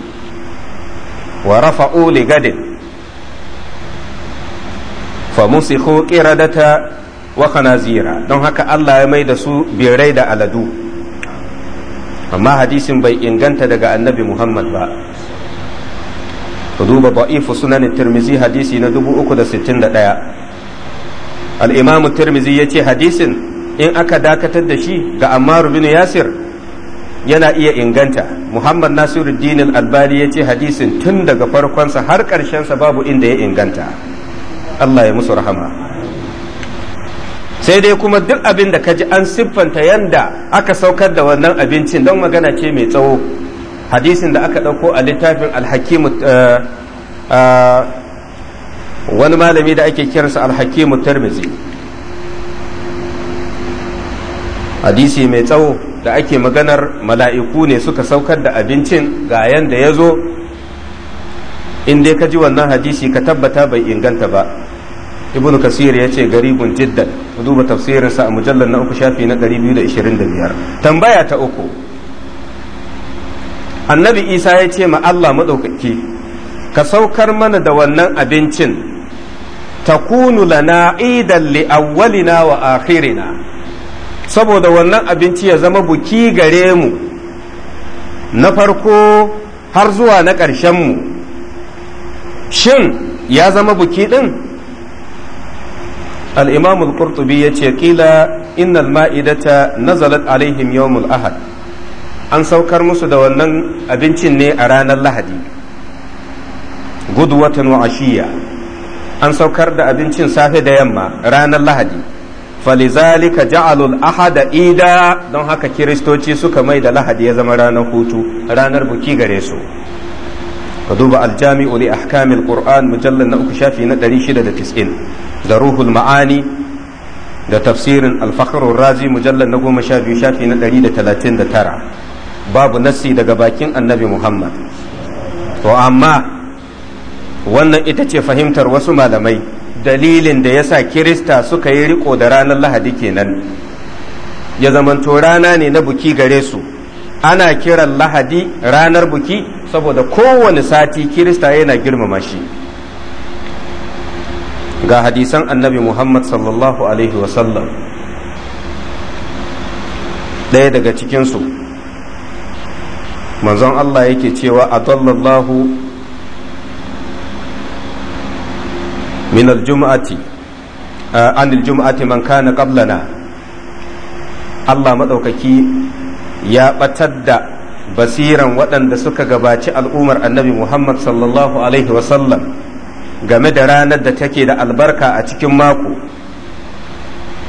wa rafa'u li gadin fa musikhu qiradata wa khanazira don haka Allah ya mai da su birai da aladu amma hadisin bai inganta daga annabi Muhammad ba ku duba ba'ifu sunan tirmizi hadisi na 361 al-imamu tirmizi ya ce hadisin in aka dakatar da shi ga ammar bin yasir yana iya inganta muhammad nasiru al-albani ya ce hadisin tun daga farkonsa har sa babu inda ya inganta allah ya musu rahama sai dai kuma duk abin da ka ji an siffanta yanda aka saukar da wannan abincin don magana ce mai tsawo hadisin da aka ɗauko a littafin alhakimu uh, uh, wani malami da ake kiransa alhakimu tarmizi hadisi mai tsawo da ake maganar mala'iku ne suka saukar da abincin ga yanda ya zo in dai ka ji wannan hadisi ka tabbata bai inganta ba Ibn kasir ya ce garibun jiddan duba tafsirinsa a mujallar na uku shafi na 225 tambaya ta uku annabi isa ya ce ma allah maɗaukaki ka saukar mana da wannan abincin takunu lana idan li awwalina wa akhirina saboda wannan abinci ya zama buki gare mu na farko har zuwa na ƙarshen mu shin ya zama buki din al-imam al-qurtubi yace qila innal ma'idata nazalat alaihim yawmul ahad an saukar musu da wannan abincin ne a ranar lahadi Gudu wa ashiya an saukar da abincin safe da yamma ranar lahadi falizalika ja'alul ahada ida don haka kiristoci suka mai da lahadi ya zama ranar hutu ranar buki gare su ka duba aljami'u li ahkamil qur'an mujallal na uku shafi na 690 da ruhul ma'ani da tafsirin alfakhrur razi mujallal na goma sha biyu shafi na 139 babu nassi daga bakin annabi muhammad to amma wannan ita ce fahimtar wasu malamai dalilin da yasa kirista suka yi riko da ranar lahadi kenan ya zamanto rana ne na buki gare su ana kiran lahadi ranar buki saboda kowane sati kirista yana girmama shi ga hadisan annabi muhammad sallallahu alaihi wasallam ɗaya daga cikinsu manzon allah yake cewa a min aljum'ati an aljum'ati man kana qablana Allah madaukaki ya batar da basiran waɗanda suka gabaci al'ummar annabi Muhammad sallallahu alaihi wasallam game da ranar da take da albarka a cikin mako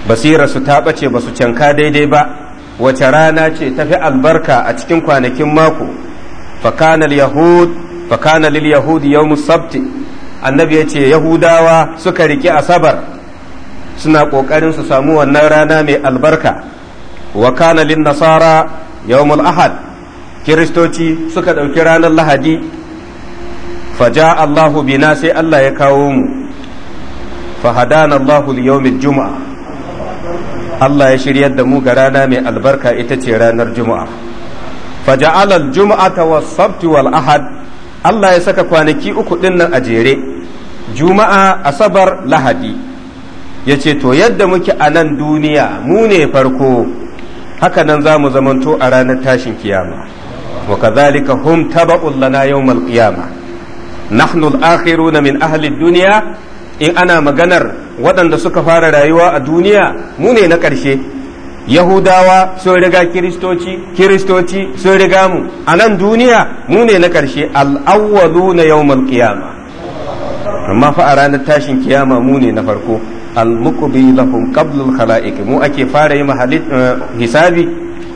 basirarsu ta bace basu canka daidai ba wace rana ce ta fi albarka a cikin kwanakin mako fakanal yahud fakanal yahudi yawmus sabti annabi ya ce yahudawa suka rike asabar suna ƙoƙarin su samu wannan rana mai albarka wa kana lin nasara yawmul ahad kiristoci suka ɗauki ranar lahadi faja allahu bina sai allah ya kawo mu fahadana allahu yawmil juma'a allah ya shiryar da mu ga rana mai albarka ita ce ranar juma'a faja'alal juma'a ta sabti wal ahad Allah ya saka kwanaki uku ɗin nan a jere juma'a asabar lahadi ya ce to yadda muke a nan duniya mu ne farko haka nan za mu zamanto a ranar tashin kiyama wa kazalika hum taba'un lana yawmal qiyama nahnu al na min ahli duniya in ana maganar waɗanda suka fara rayuwa a duniya mu ne na ƙarshe yahudawa sun riga kiristoci kiristoci sun riga mu a nan duniya mu ne na ƙarshe al'awwalu na yawmal qiyama amma fa a ranar tashin kiyama mu ne na farko al muqbilahum qablul khalaiq mu ake fara yi eh, hisabi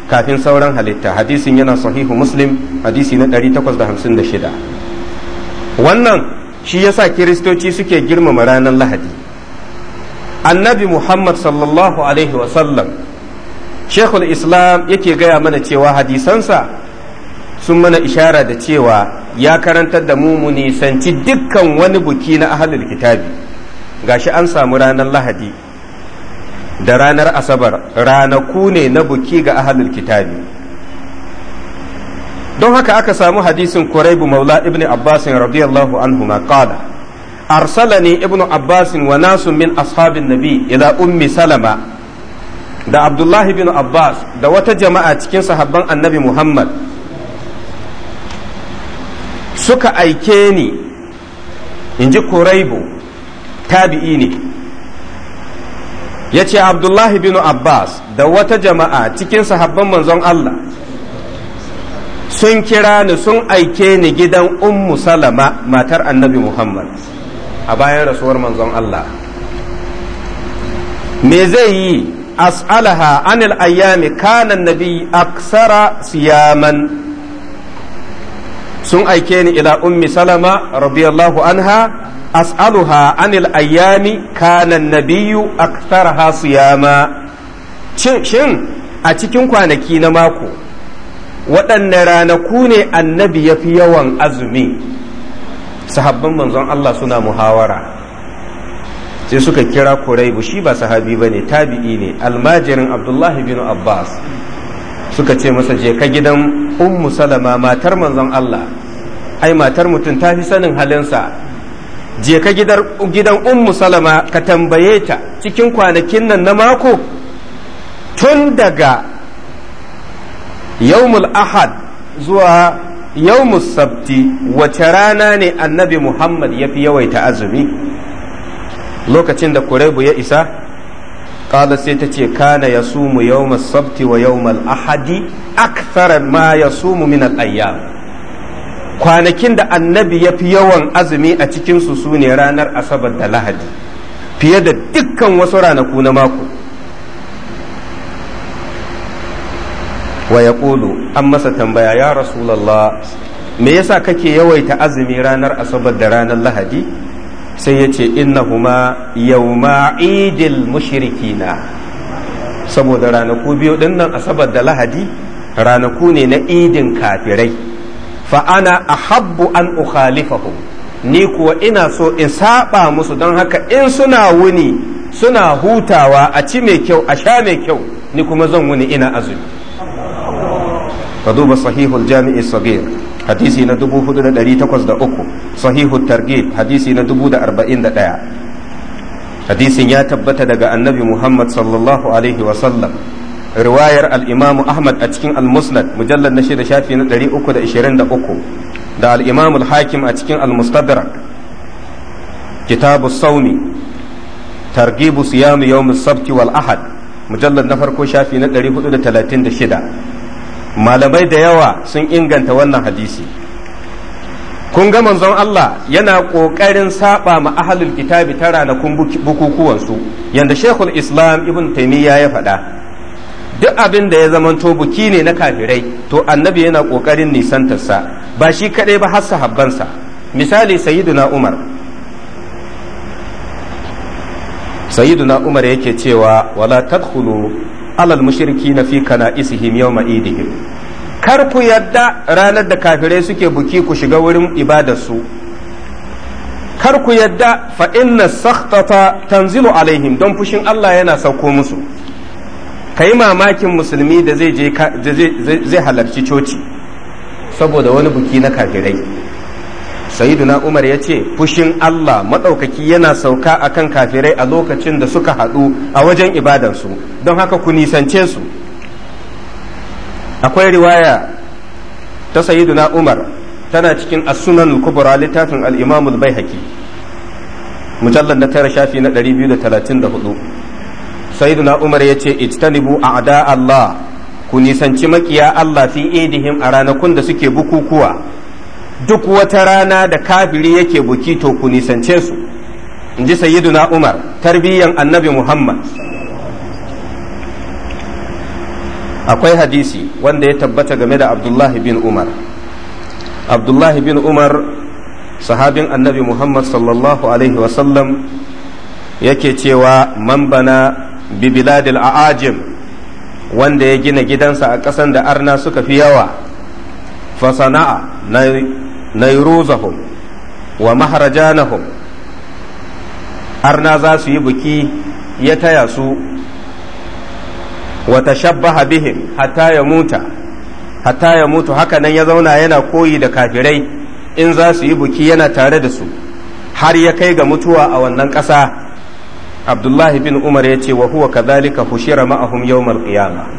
kafin sauran halitta hadisin yana sahihu muslim hadisi na 856 wannan shi yasa kiristoci suke girmama ranar lahadi annabi muhammad sallallahu alaihi wa sallam shekul islam yake gaya mana cewa hadisansa sun mana ishara da cewa ya karantar da mu mu nisanci dukkan wani buki na ahalul kitabi gashi an samu ranar lahadi da ranar asabar ranaku ne na buki ga ahalul kitabi don haka aka samu hadisin kuraibu maula ibn abbas radiyallahu anhu ma qala arsalani ibnu abbas wa nasu min ashabin nabi ila ummi salama da abdullahi ibn abbas da wata jama'a cikin sahabban annabi muhammad suka aike ni in ji kuraibu tabi'i ne ya ce abdullahi bin abbas da wata jama'a cikin sahabban manzon allah sun kira ni sun aike ni gidan ummu salama matar annabi muhammad a bayan rasuwar manzon allah me zai yi as'alaha anil ayyami kana nabi aksara siyaman sun aike ni ila ummi salama radiyallahu anha as'aluha anil ayyami kana nabiyyu aktharha siyama shin shin a cikin kwanaki na mako waɗanne ranaku ne annabi ya fi yawan azumi sahabban manzon Allah suna muhawara sai suka kira kuraibu shi ba sahabi ba ne tabi'i ne almajirin abdullahi bin abbas suka ce masa je ka gidan ummu salama matar manzon Allah ai matar mutum ta fi sanin halinsa je ka gidan ummu salama ka tambaye ta cikin kwanakin nan na mako tun daga yawmul ahad zuwa yawmul sabti wace rana ne annabi muhammad ya fi yawaita azumi lokacin da kurebu ya isa qala sai ta ce kana yasumu yawmal sabti wa yawmal ahadi akthara ma yasumu min ayya. kwanakin da annabi ya fi yawan azumi a cikin su sune ranar asabar da lahadi fiye da dukkan wasu ranaku na mako wa yaqulu an masa tambaya ya rasulullah me yasa kake yawaita azumi ranar asabar da ranar lahadi sai ya ce innahuma yawma idil mushrikina saboda ranaku biyu din nan asabar da lahadi ranaku ne na idin kafirai fa ana habbu an ukhalifahum ni kuwa ina so in saba musu don haka in suna wuni suna hutawa a ci mai kyau a sha mai kyau ni kuma zan wuni ina azumi ka duba sahihul jami'i hadisi na 4803 sahihu targhib hadisi na 1041 hadisin ya tabbata daga annabi Muhammad sallallahu alaihi wa sallam riwayar al'imamu Ahmad a cikin al-Musnad mujallad na shida shafi na 323 da al-Imam al-Hakim a cikin al-Mustadrak kitabu saumi targhibu siyami yawm sabti wal ahad mujallar na farko shafi na 436 malamai da yawa sun inganta wannan hadisi kun ga manzon Allah yana ƙoƙarin saba ma ahlul kitabi ta ranakun bukukuwansu yanda shekul islam ibn taimiyya ya faɗa duk abin da ya zamanto buki ne na kafirai to annabi yana ƙoƙarin nisantarsa ba shi kaɗai ba har sahabbansa misali sayyiduna umar sayyiduna umar yake cewa wala tadkhulu alal mushriki na fi kana'isihim yawma idihim kar ku yadda ranar da kafirai suke buki ku shiga wurin ibadarsu kar ku yadda fa inna sakhtata tanzilu alaihim don fushin Allah yana sauko musu kai mamakin musulmi da zai je zai halarci coci saboda wani buki na kafirai sayyiduna umar ya ce fushin allah maɗaukaki yana sauka a kan kafirai a lokacin da suka haɗu a wajen ibadansu don haka ku nisance su akwai riwaya ta sayyiduna umar tana cikin asunan kubura kubra littafin alimamul bai mujallar mujallar na tara shafi na 234 sayyiduna umar yace ittanibu a'da Allah ku nisanci makiya Allah fi idihim a ranakun da suke bukukuwa duk wata rana da kafiri yake buki to ku nisance su in ji sayyiduna umar tarbiyyan annabi muhammad akwai hadisi wanda ya tabbata game da abdullahi bin umar abdullahi bin umar sahabin annabi muhammad sallallahu alaihi wasallam yake cewa man bana bi biladil a'ajim wanda ya gina gidansa a ƙasan da arna suka fi yawa fasana'a na nairuzahum wa maharajanahum arna za su yi biki ya taya su wata shabbaha bihim hatta ya muta ya mutu haka nan ya zauna yana koyi da kafirai in za su yi buki yana tare da su har ya kai ga mutuwa a wannan ƙasa abdullahi bin umar ya ce wa huwa kadhalika hushira ma'ahum yawmal qiyamah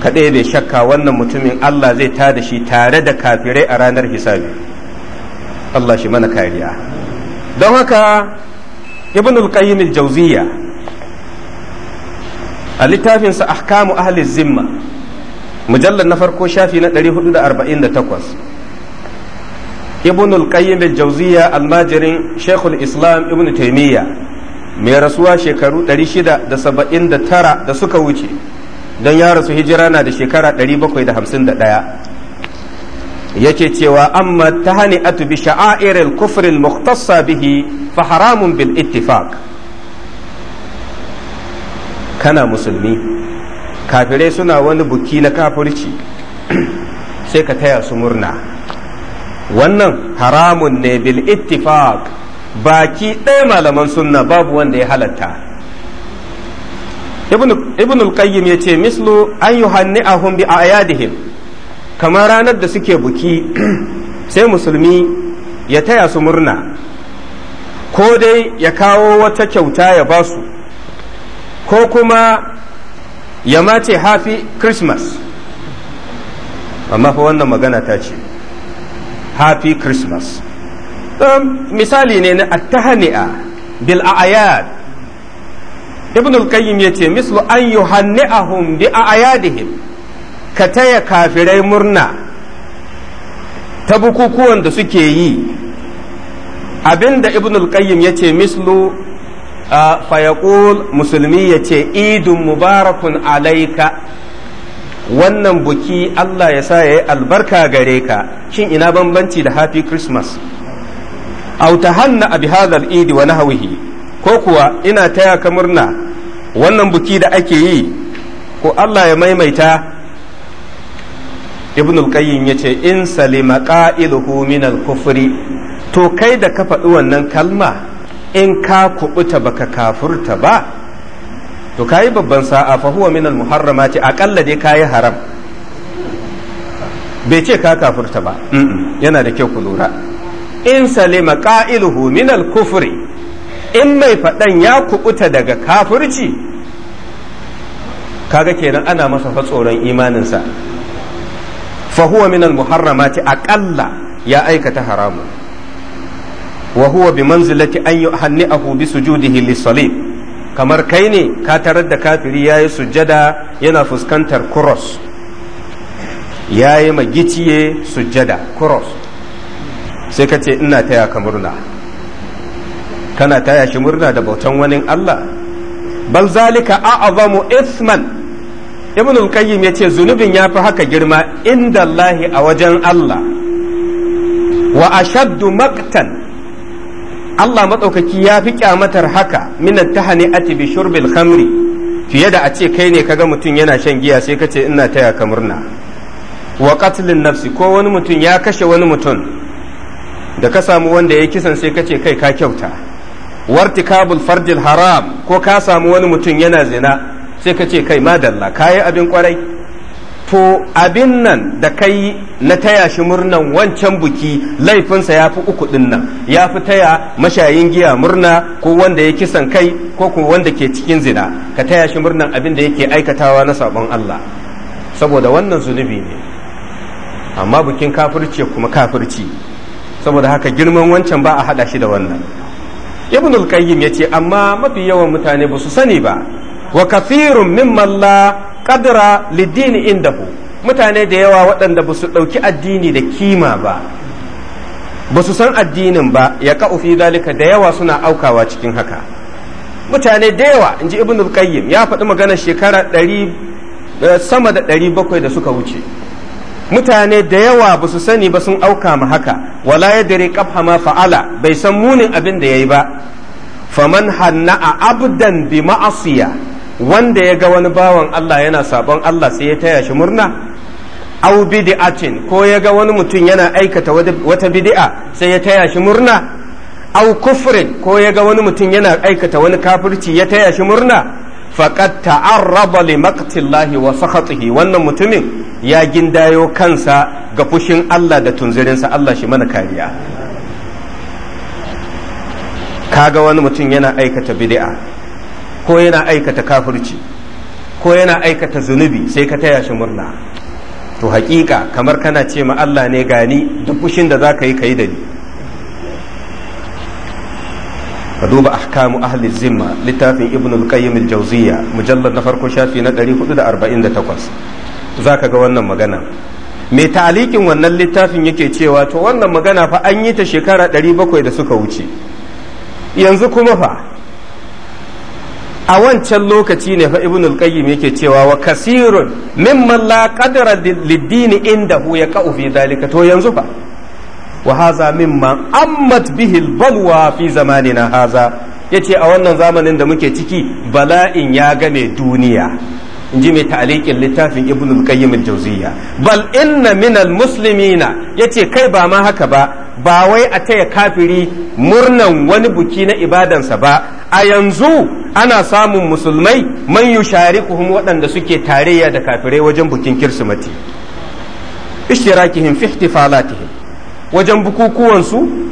Kaɗai bai shakka wannan mutumin Allah zai ta da shi tare da kafirai a ranar hisabi Allah shi mana kariya don haka ibn al-qayyim al-jawziya a littafinsa ahkamu ahli zimma mujallar na farko shafi na 448 ibn al-qayyim al-jawziya almajirin islam ibn taymiya mai rasuwa shekaru 679 da suka wuce don ya rasu hijira na da shekara 751 yake cewa amma ta hani atu bi sha'airil kufril muhtassa bihi fa haramun bil ittifaq kana musulmi kafirai suna wani buki na kafirci sai ka taya su murna wannan haramun ne bil ittifaq baki ɗaya malaman sunna babu wanda ya halatta ibn al-qayyim yace mislu an humbi bi ayadihim kamar ranar da suke buki sai musulmi ya taya su murna ko dai ya kawo wata kyauta ya ba su ko kuma ya mace hafi christmas amma fa wannan magana ta ce happy christmas misali ne na attahani'a bil a'yad ibn al-qayyim yace mislu an yuhanni'ahum bi ayadihim ka taya kafirai murna ta bukukuwan da suke yi abinda ibn al-qayyim yace mislu fa yaqul musulmi yace idun mubarakun alayka wannan buki Allah ya sa yayi albarka gare ka shin ina bambanci da happy christmas aw tahanna bi hadha al-eid wa nahwihi ko kuwa ina taya ka murna wannan buki da ake yi ko Allah ya maimaita ibn al-qayyim yace in salima qa'iduhu min al-kufri to kai da ka faɗi wannan kalma in ka kubuta baka kafurta ba to kayi babban sa'a fa huwa min al-muharramati aqalla dai kayi haram bai ce ka kafurta ba yana da kyau ku lura in salima qa'iluhu min al-kufri in mai faɗan ya kubuta daga kafirci kaga kenan ana masa fa tsoron imaninsa fa huwa min al-muharramati aqalla ya aikata haramu wa huwa bi manzilati an yuhanni'ahu bi sujudihi lis-salib kamar kai ne ka tarar da kafiri yayi sujjada yana fuskantar cross yayi magiciye sujjada cross sai ka ce ina taya ka murna kana taya shi murna da bautan wani Allah bal zalika a'zamu isman ibn al-qayyim yace zunubin yafi haka girma inda Allah a wajen Allah wa ashaddu maqtan Allah matsaukaki ya fi kyamatar haka min tahani ati bi shurbil khamri fiye da a ce kai ne kaga mutum yana shan giya sai ka ina taya ka murna wa qatlin nafsi ko wani mutum ya kashe wani mutum da ka samu wanda ya kisan sai kace kai ka kyauta Warti kabul farjil haram ko ka samu wani mutum yana zina sai ka ce kai madalla kayi abin kwarai to abin nan da kai na taya shi murnan wancan buki laifinsa ya fi uku ɗin nan ya fi taya mashayin giya murna ko wanda ya kisan kai ko kuma wanda ke cikin zina ka taya shi murnan abin da yake aikatawa na sabon Allah saboda wannan zunubi ne amma bukin kafirci kuma kafirci saboda haka girman wancan ba a hada shi da wannan ibn al-qayyim yace amma mafi yawan mutane ba su sani ba wa kathirun mimman la qadra lid-din indahu mutane da yawa waɗanda ba su ɗauki addini da kima ba ba su san addinin ba ya ka'u fi dalika da yawa suna aukawa cikin haka mutane da yawa in ji ibn al-qayyim ya faɗi magana shekara ɗari eh, sama da ɗari bakwai da suka wuce mutane da yawa ba su sani ba sun auka ma haka wala ya dare kafa ma fa'ala bai san munin abin da ya yi ba faman hanna a abdan bi ma'asiya wanda ya ga wani bawan Allah yana sabon Allah sai ya taya shi murna au bid'atin ko ya ga wani mutum yana aikata wata bid'a sai ya taya shi murna au kufrin ko ya ga wani mutum yana aikata wani kafirci ya taya shi murna faqad ta'arraba li maqtillahi wa sakhatihi wannan mutumin ya gindayo kansa ga fushin Allah da tunzirinsa Allah shi mana kariya kaga wani mutum yana aikata bid'a ko yana aikata kafirci ko yana aikata zunubi sai ka taya shi murna to hakika kamar kana ce ma Allah ne gani duk fushin da za ka yi ka da ni ka duba ahkamu ahli zimma littafin ibn al-qayyim al-jawziyya mujallad na farko shafi na 448 za ka ga wannan magana mai talikin wannan littafin yake cewa to wannan magana fa an yi ta shekara 700 da suka wuce yanzu kuma fa a wancan lokaci ne fa Ibn al qayyim yake cewa wa kasirun mimman la qadara lid-dini indahu yaqa'u fi dalika to yanzu fa wa haza mimman ammat bihi al-balwa fi zamanina haza yace a wannan zamanin da muke ciki bala'in ya game duniya in ji mai ta'aliƙin littafin ibn al-qayyim al-jawziyya bal inna min al-muslimina yace kai ba ma haka ba ba wai a taya kafiri murnan wani buki na ibadansa ba a yanzu ana samun musulmai man yusharikuhum waɗanda suke tarayya da kafirai wajen bukin kirsimati ishtirakihim fi ihtifalatihim wajen bukukuwan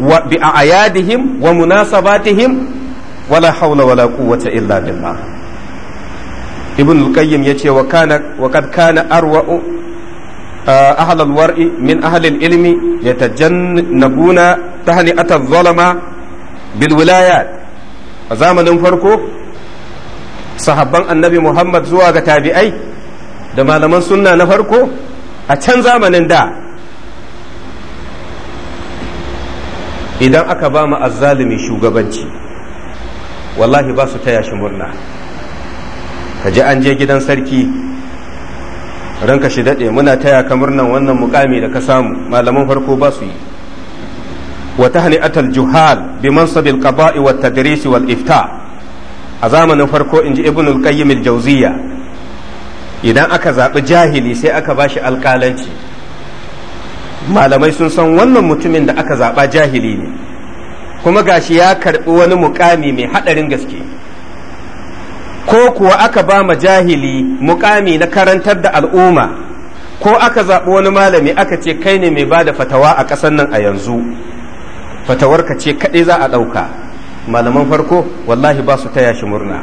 wa bi a'yadihim wa munasabatihim wala haula wala quwwata illa billah ibn al-qayyim yace wa kana wa kad kana arwa'u أهل الورع من أهل العلم يتجنبون تهنئة الظلم بالولايات zamanin farko sahabban annabi Muhammad zuwa ga tabi'ai da malaman sunna na farko a can zamanin da idan aka ba mu azzalumi shugabanci wallahi ba su taya shi murna ka ji an je gidan sarki ranka shi daɗe muna taya ka murnan wannan mukami da ka samu malaman farko ba su yi wa tahni'atul juhal bi mansabil qada'i wat tadris wal ifta a zamanin farko inji ibn al-qayyim al jawziya idan aka zaɓi jahili sai aka bashi alƙalanci malamai sun san wannan mutumin da aka zaɓa jahili ne kuma gashi ya karɓi wani mukami mai haɗarin gaske ko kuwa aka ba ma jahili mukami na karantar da al'umma ko aka zaɓi wani malami aka ce kai ne mai ba da fatawa a ƙasar nan a yanzu fatawarka ce kaɗai za a ɗauka malaman farko wallahi ba su taya shi murna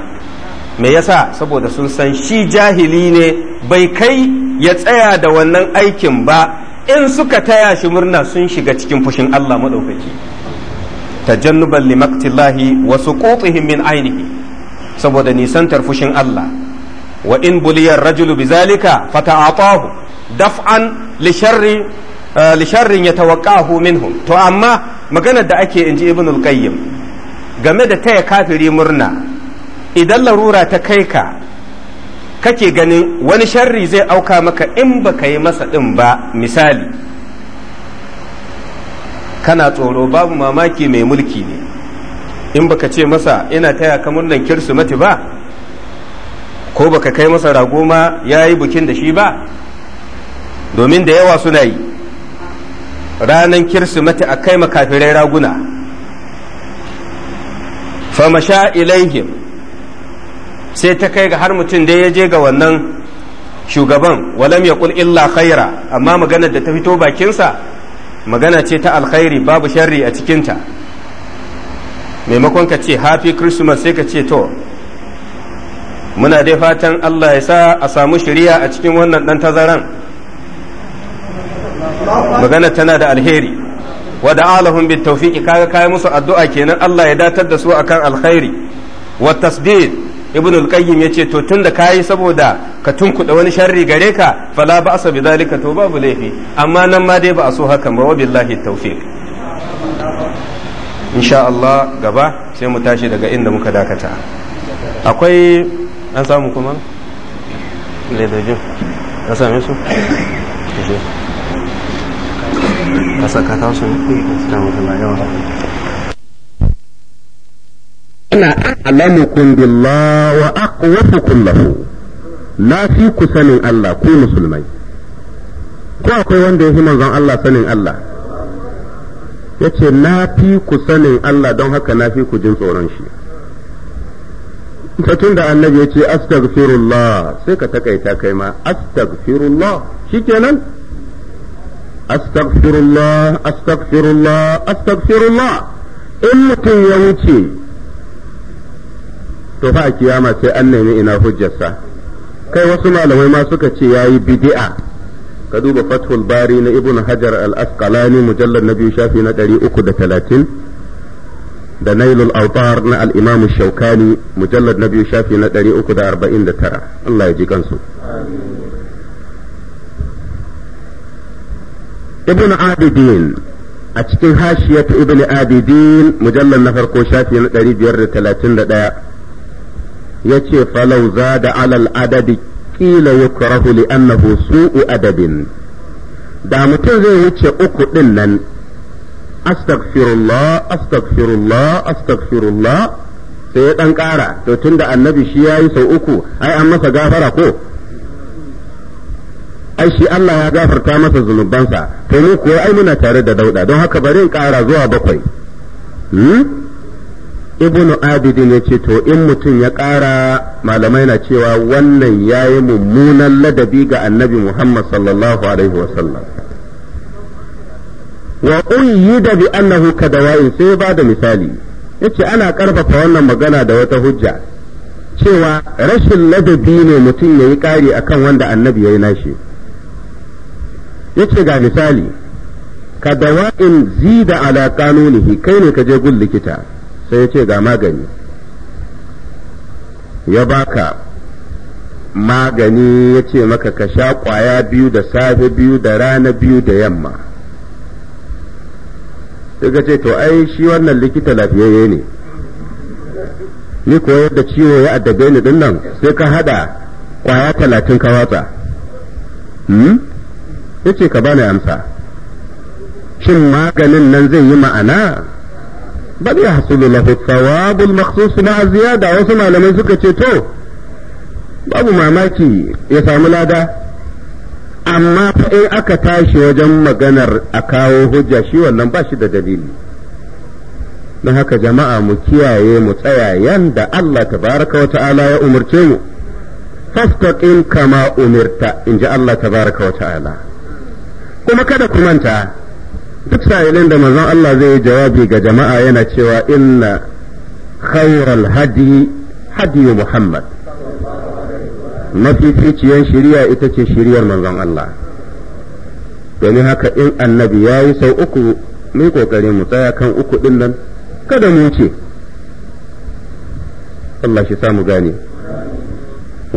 me yasa saboda sun san shi jahili ne bai kai ya tsaya da wannan aikin ba in suka taya shi murna sun shiga cikin fushin Allah maɗaukaki tajannuban limaktillahi wasu min ainihi saboda nisan fushin Allah wa in buliyar rajulu bizalika fata'atahu daf'an li sharri eh, li sharrin yatawaqqahu minhum to amma maganar da ake inji ibnul qayyim game da taya kafiri murna idan larura ta kai ka kake ganin wani sharri zai auka maka in baka yi masa din ba misali kana tsoro babu mamaki mai mulki ne in baka ce masa ina taya ka murnan kirsimati ba ko baka kai masa rago ma ya yi bukin da shi ba domin da yawa suna yi ranar kirsimati a kai makafirai raguna famasha ilaihim sai ta kai ga har mutum da ya je ga wannan shugaban walam ya illa khaira amma maganar da ta fito bakinsa magana ce ta alkhairi babu sharri a cikinta maimakon ka ce happy christmas sai ka ce to muna dai fatan Allah ya sa a samu shari'a a cikin wannan dan tazaran magana tana da alheri wa da'alahum bit tawfiqi kaga kai musu addu'a kenan Allah ya datar da su akan alkhairi wa tasdid ibn al-qayyim yace to tunda kayi saboda ka tunkuda wani sharri gare ka fala ba'sa bi zalika to babu laifi amma nan ma dai ba a so hakan ba wa billahi tawfiq insha Allah gaba sai mu tashi daga inda muka dakata akwai an samu kuma ledojin ka same su ka saka ta su ana a'lamukum billah wa aqwamukum na fi ku sanin Allah ku musulmai ko akwai wanda ya fi manzon Allah sanin Allah yace na fi ku sanin Allah don haka na fi ku jin tsoron shi ta tun da annabi ya ce astaghfirullah sai ka takaita kai ma astaghfirullah shikenan astaghfirullah astaghfirullah astaghfirullah in mutum ya wuce to fa kiyama sai an nemi ina hujjarsa kai wasu malamai ma suka ce yayi bid'a ka duba fathul bari na ibn hajar al-asqalani mujallar na biyu shafi na ɗari uku da talatin da nailul autar na al-imam shaukani mujallar na biyu shafi na ɗari uku da arba'in da tara Allah ya ji kansu ibn abidin a cikin hashiyat ibn abidin mujallar na farko shafi na ɗari biyar da talatin da ɗaya ya ce falau da alal adadi kila yukrahu li'annahu su'u adabin da mutum zai wuce uku din nan astaghfirullah astaghfirullah astaghfirullah sai ya dan ƙara to tunda annabi shi yayi sau uku ai an masa gafara ko ai shi Allah ya gafarta masa zunubansa to mu kuwa ai muna tare da dauda don haka bari in ƙara zuwa bakwai hmm? ibnu abidin ya ce to in mutum ya ƙara malamai na cewa wannan ya yi mummunan ladabi ga annabi muhammad sallallahu alaihi wasallam wa da bi annahu kadawai sai ba da misali yace ana ƙarfafa wannan magana da wata hujja cewa rashin ladabi ne mutum ya yi ƙari akan wanda annabi ya yi nashi yace ga misali kadawa'in zida ala kanunihi kai ne ka je gun likita sai ya ce ga magani ya baka magani ya ce maka ka sha kwaya biyu da safe biyu da rana biyu da yamma sai ka ce to ai shi wannan likita lafiyayye ne ni ko yadda ciwo ya addabe ni din nan sai ka hada kwaya talatin ka watsa hmm? ya ce ka bani amsa shin maganin nan zai yi ma'ana bal yahsulu lahu thawab al na aziya da wasu malamai suka ce to babu mamaki ya samu lada amma fa in aka tashi wajen maganar a kawo hujja shi wannan ba shi da dalili don haka jama'a mu kiyaye mu tsaya yanda Allah tabaraka wa ta'ala ya umarce mu fastaqim kama umirta in ji Allah tabaraka wa ta'ala kuma kada ku manta duk sa'ilin da manzon Allah zai yi jawabi ga jama'a yana cewa inna khairal hadi hadi Muhammad mafificiyar shiriya ita ce shiriyar manzon Allah domin haka in annabi ya yi sau uku mai kokari mu tsaya kan uku din nan kada mu ce Allah shi samu gane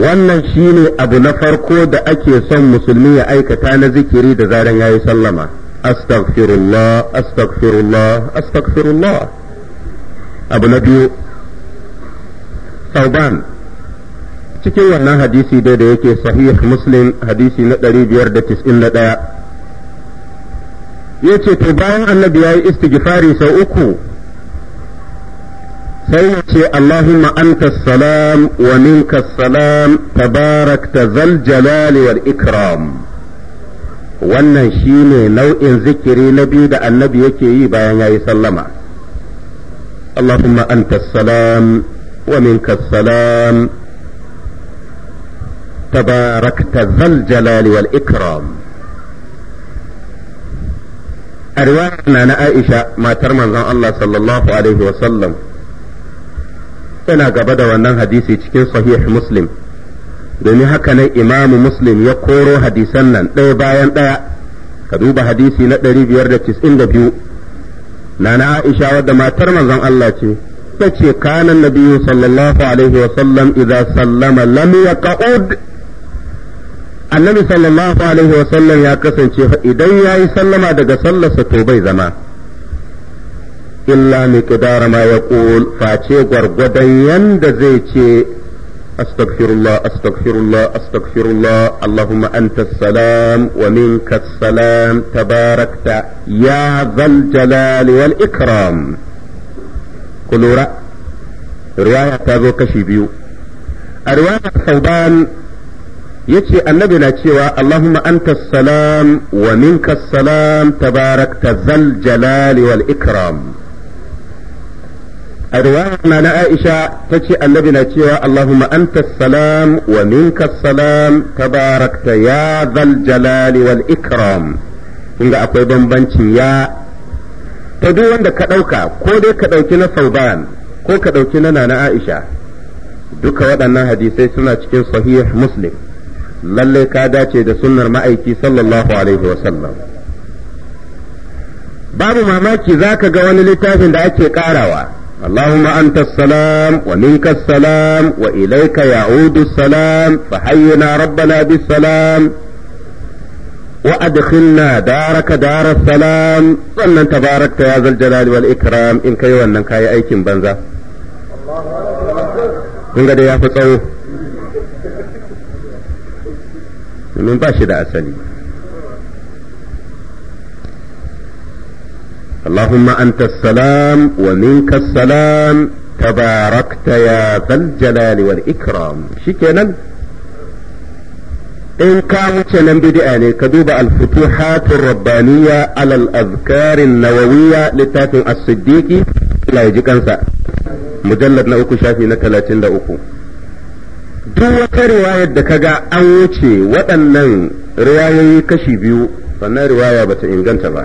wannan shine abu na farko da ake son musulmi ya aikata na zikiri da zaran ya yi sallama astaghfirullah astaghfirullah astaghfirullah abu na biyu sauban cikin wannan hadisi dai da yake sahih muslim hadisi na 591 ya ce to bayan annabi ya yi istighfari sau uku sai ya ce Allahumma anta salam wa minka salam tabarakta zal jalali wal ikram wannan shi ne nau'in zikiri na biyu da annabi yake yi bayan ya yi sallama Allahumma anta salam wa minka salam tabarakta zal jalali wal ikram a na na Aisha matar manzon Allah sallallahu alaihi wasallam sallam yana gaba da wannan hadisi cikin sahih Muslim domin haka nan imamu muslim ya koro hadisan nan ɗaya bayan ɗaya ka duba hadisi na ɗari biyar da cisin da biyu na na aisha wadda matar manzon Allah ce ta ce kanan biyu sallallahu alaihi wa sallam idan sallama lam ka'ud annabi sallallahu alaihi wa sallam ya kasance idan ya yi sallama daga sallarsa to bai zama illa miqdara ma yaqul face gwargwadon yanda zai ce أستغفر الله أستغفر الله أستغفر الله اللهم أنت السلام ومنك السلام تباركت يا ذا الجلال والإكرام كل رأى رواية تابو كشيبيو الرواية الثوبان ثوبان yace annabi اللهم انت السلام ومنك السلام تباركت ذا الجلال والاكرام a na Aisha ta ce annabi na cewa Allahumma anta salam wa minka salam tabarakta ya zal jalali wal ikram kun ga akwai bambancin ya ta duk wanda ka ɗauka ko dai ka ɗauki na Sauban ko ka ɗauki na Nana Aisha duka waɗannan hadisai suna cikin sahih Muslim lallai ka dace da sunnar ma'aiki sallallahu alaihi wa sallam babu mamaki zaka ga wani littafin da ake karawa اللهم أنت السلام ومنك السلام وإليك يعود السلام فحينا ربنا بالسلام وأدخلنا دارك دار السلام وأن تباركت يا ذا الجلال والإكرام إن كي وأن كي أيكم بنزا kun ga da ya fi tsawo domin ba shi da asali اللهم أنت السلام ومنك السلام تباركت يا ذا الجلال والإكرام شكرا in ka wuce nan bid'a ne ka duba al-futuhatur rabbaniyya ala al-azkar an-nawawiyya littafin as-siddiqi la yaji kansa mujallad na uku shafi na 33 duk wata riwayar da kaga an wuce waɗannan riwayoyi kashi biyu na riwaya bata inganta ba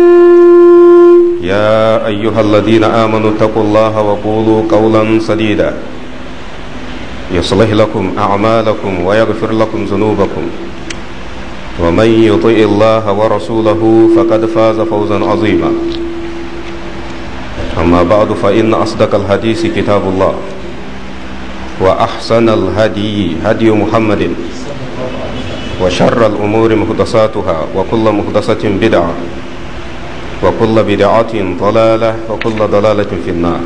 يا أيها الذين آمنوا اتقوا الله وقولوا قولا سديدا يصلح لكم أعمالكم ويغفر لكم ذنوبكم ومن يطع الله ورسوله فقد فاز فوزا عظيما أما بعد فإن أصدق الحديث كتاب الله وأحسن الهدي هدي محمد وشر الأمور محدثاتها وكل محدثة بدعة وكل بدعة ضلالة وكل ضلالة في النار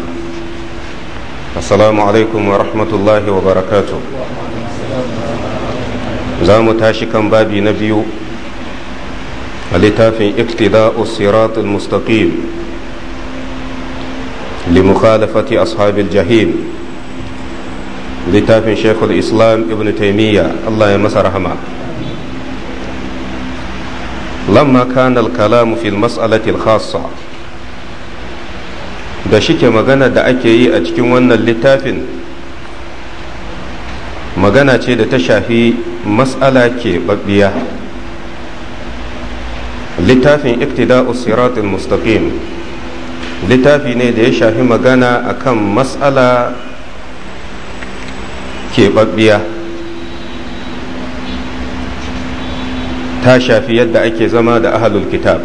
السلام عليكم ورحمة الله وبركاته زام تاشكا بابي نبي لتاف اقتداء الصراط المستقيم لمخالفة أصحاب الجحيم لتاف شيخ الإسلام ابن تيمية الله يمسى رحمه lamma كان الكلام kalamu fil mas'alati da shike magana da ake yi a cikin wannan littafin magana ce da ta shafi mas'ala ke babbiya littafin iktida'u siratul mustaqim littafi ne da ya shafi magana akan mas'ala keɓaɓɓiya ta shafi yadda ake zama da ahalul kitab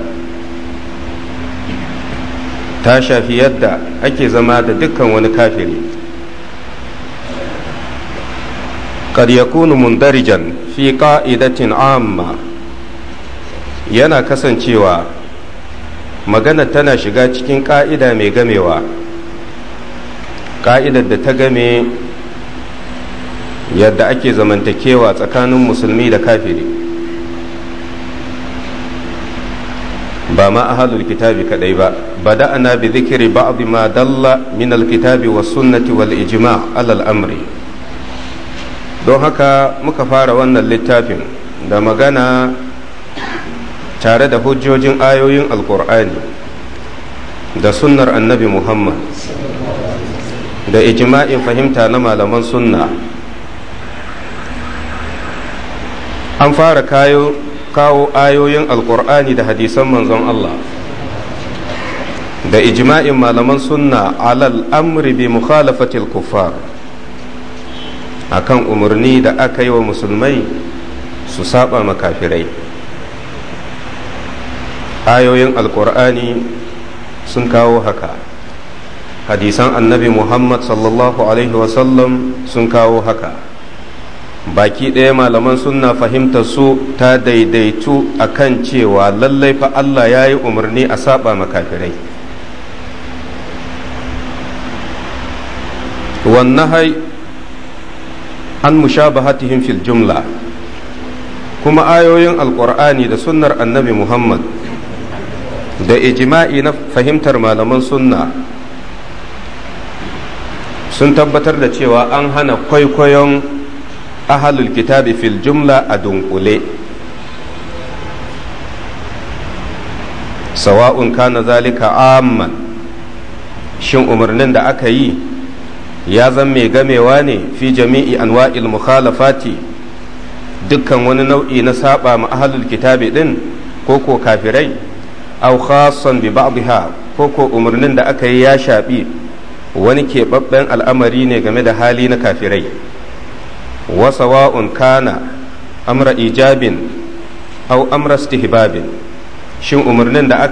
ta shafi yadda ake zama da dukkan wani kafiri قد يكون مندرجا fi ka'idatin amma. yana kasancewa magana tana shiga cikin ƙa'ida mai gamewa ƙa'idar da ta game yadda ake zamantakewa tsakanin musulmi da kafiri ba ma ahalul kitabi kadai ba ana bi ba ba'd ma dalla min alkitabi wa sunnati wal ijma' alal amri don haka muka fara wannan littafin da magana tare da hujjojin ayoyin alkur'ani da sunnar annabi muhammad da ijma'in fahimta na malaman sunna an fara kayo kawo ayoyin alkur'ani da hadisan manzon Allah da ijma'in malaman sunna alal amri bi mukhalafatil kuffar akan umarni da aka yi wa musulmai su saba makafirai ayoyin alkur'ani sun kawo haka hadisan annabi muhammad sallallahu alaihi wasallam sun kawo haka baki ɗaya malaman sunna fahimtar su ta daidaitu a kan cewa lallai fa Allah ya yi umarni a saba makafirai hai an mushabahatihim fil jumla kuma ayoyin alkur'ani da sunnar annabi muhammad da ijima'i na fahimtar malaman sunna sun tabbatar da cewa an hana kwaikwayon ahalul kitabi fil jumla a dunkule sawa'un kana zalika amman shin umarnin da aka yi ya zan mai gamewa ne fi jami'i anwa'il mukhalafati dukkan wani nau'i na saba ma ahalul kitabi din ko ko kafirai aw khassan bi ba'dha ko ko umarnin da aka yi ya shafi wani keɓaɓɓen al'amari ne game da hali na kafirai Wasawa un kana amra ijabin aw amra istihbabin shin umarnin da aka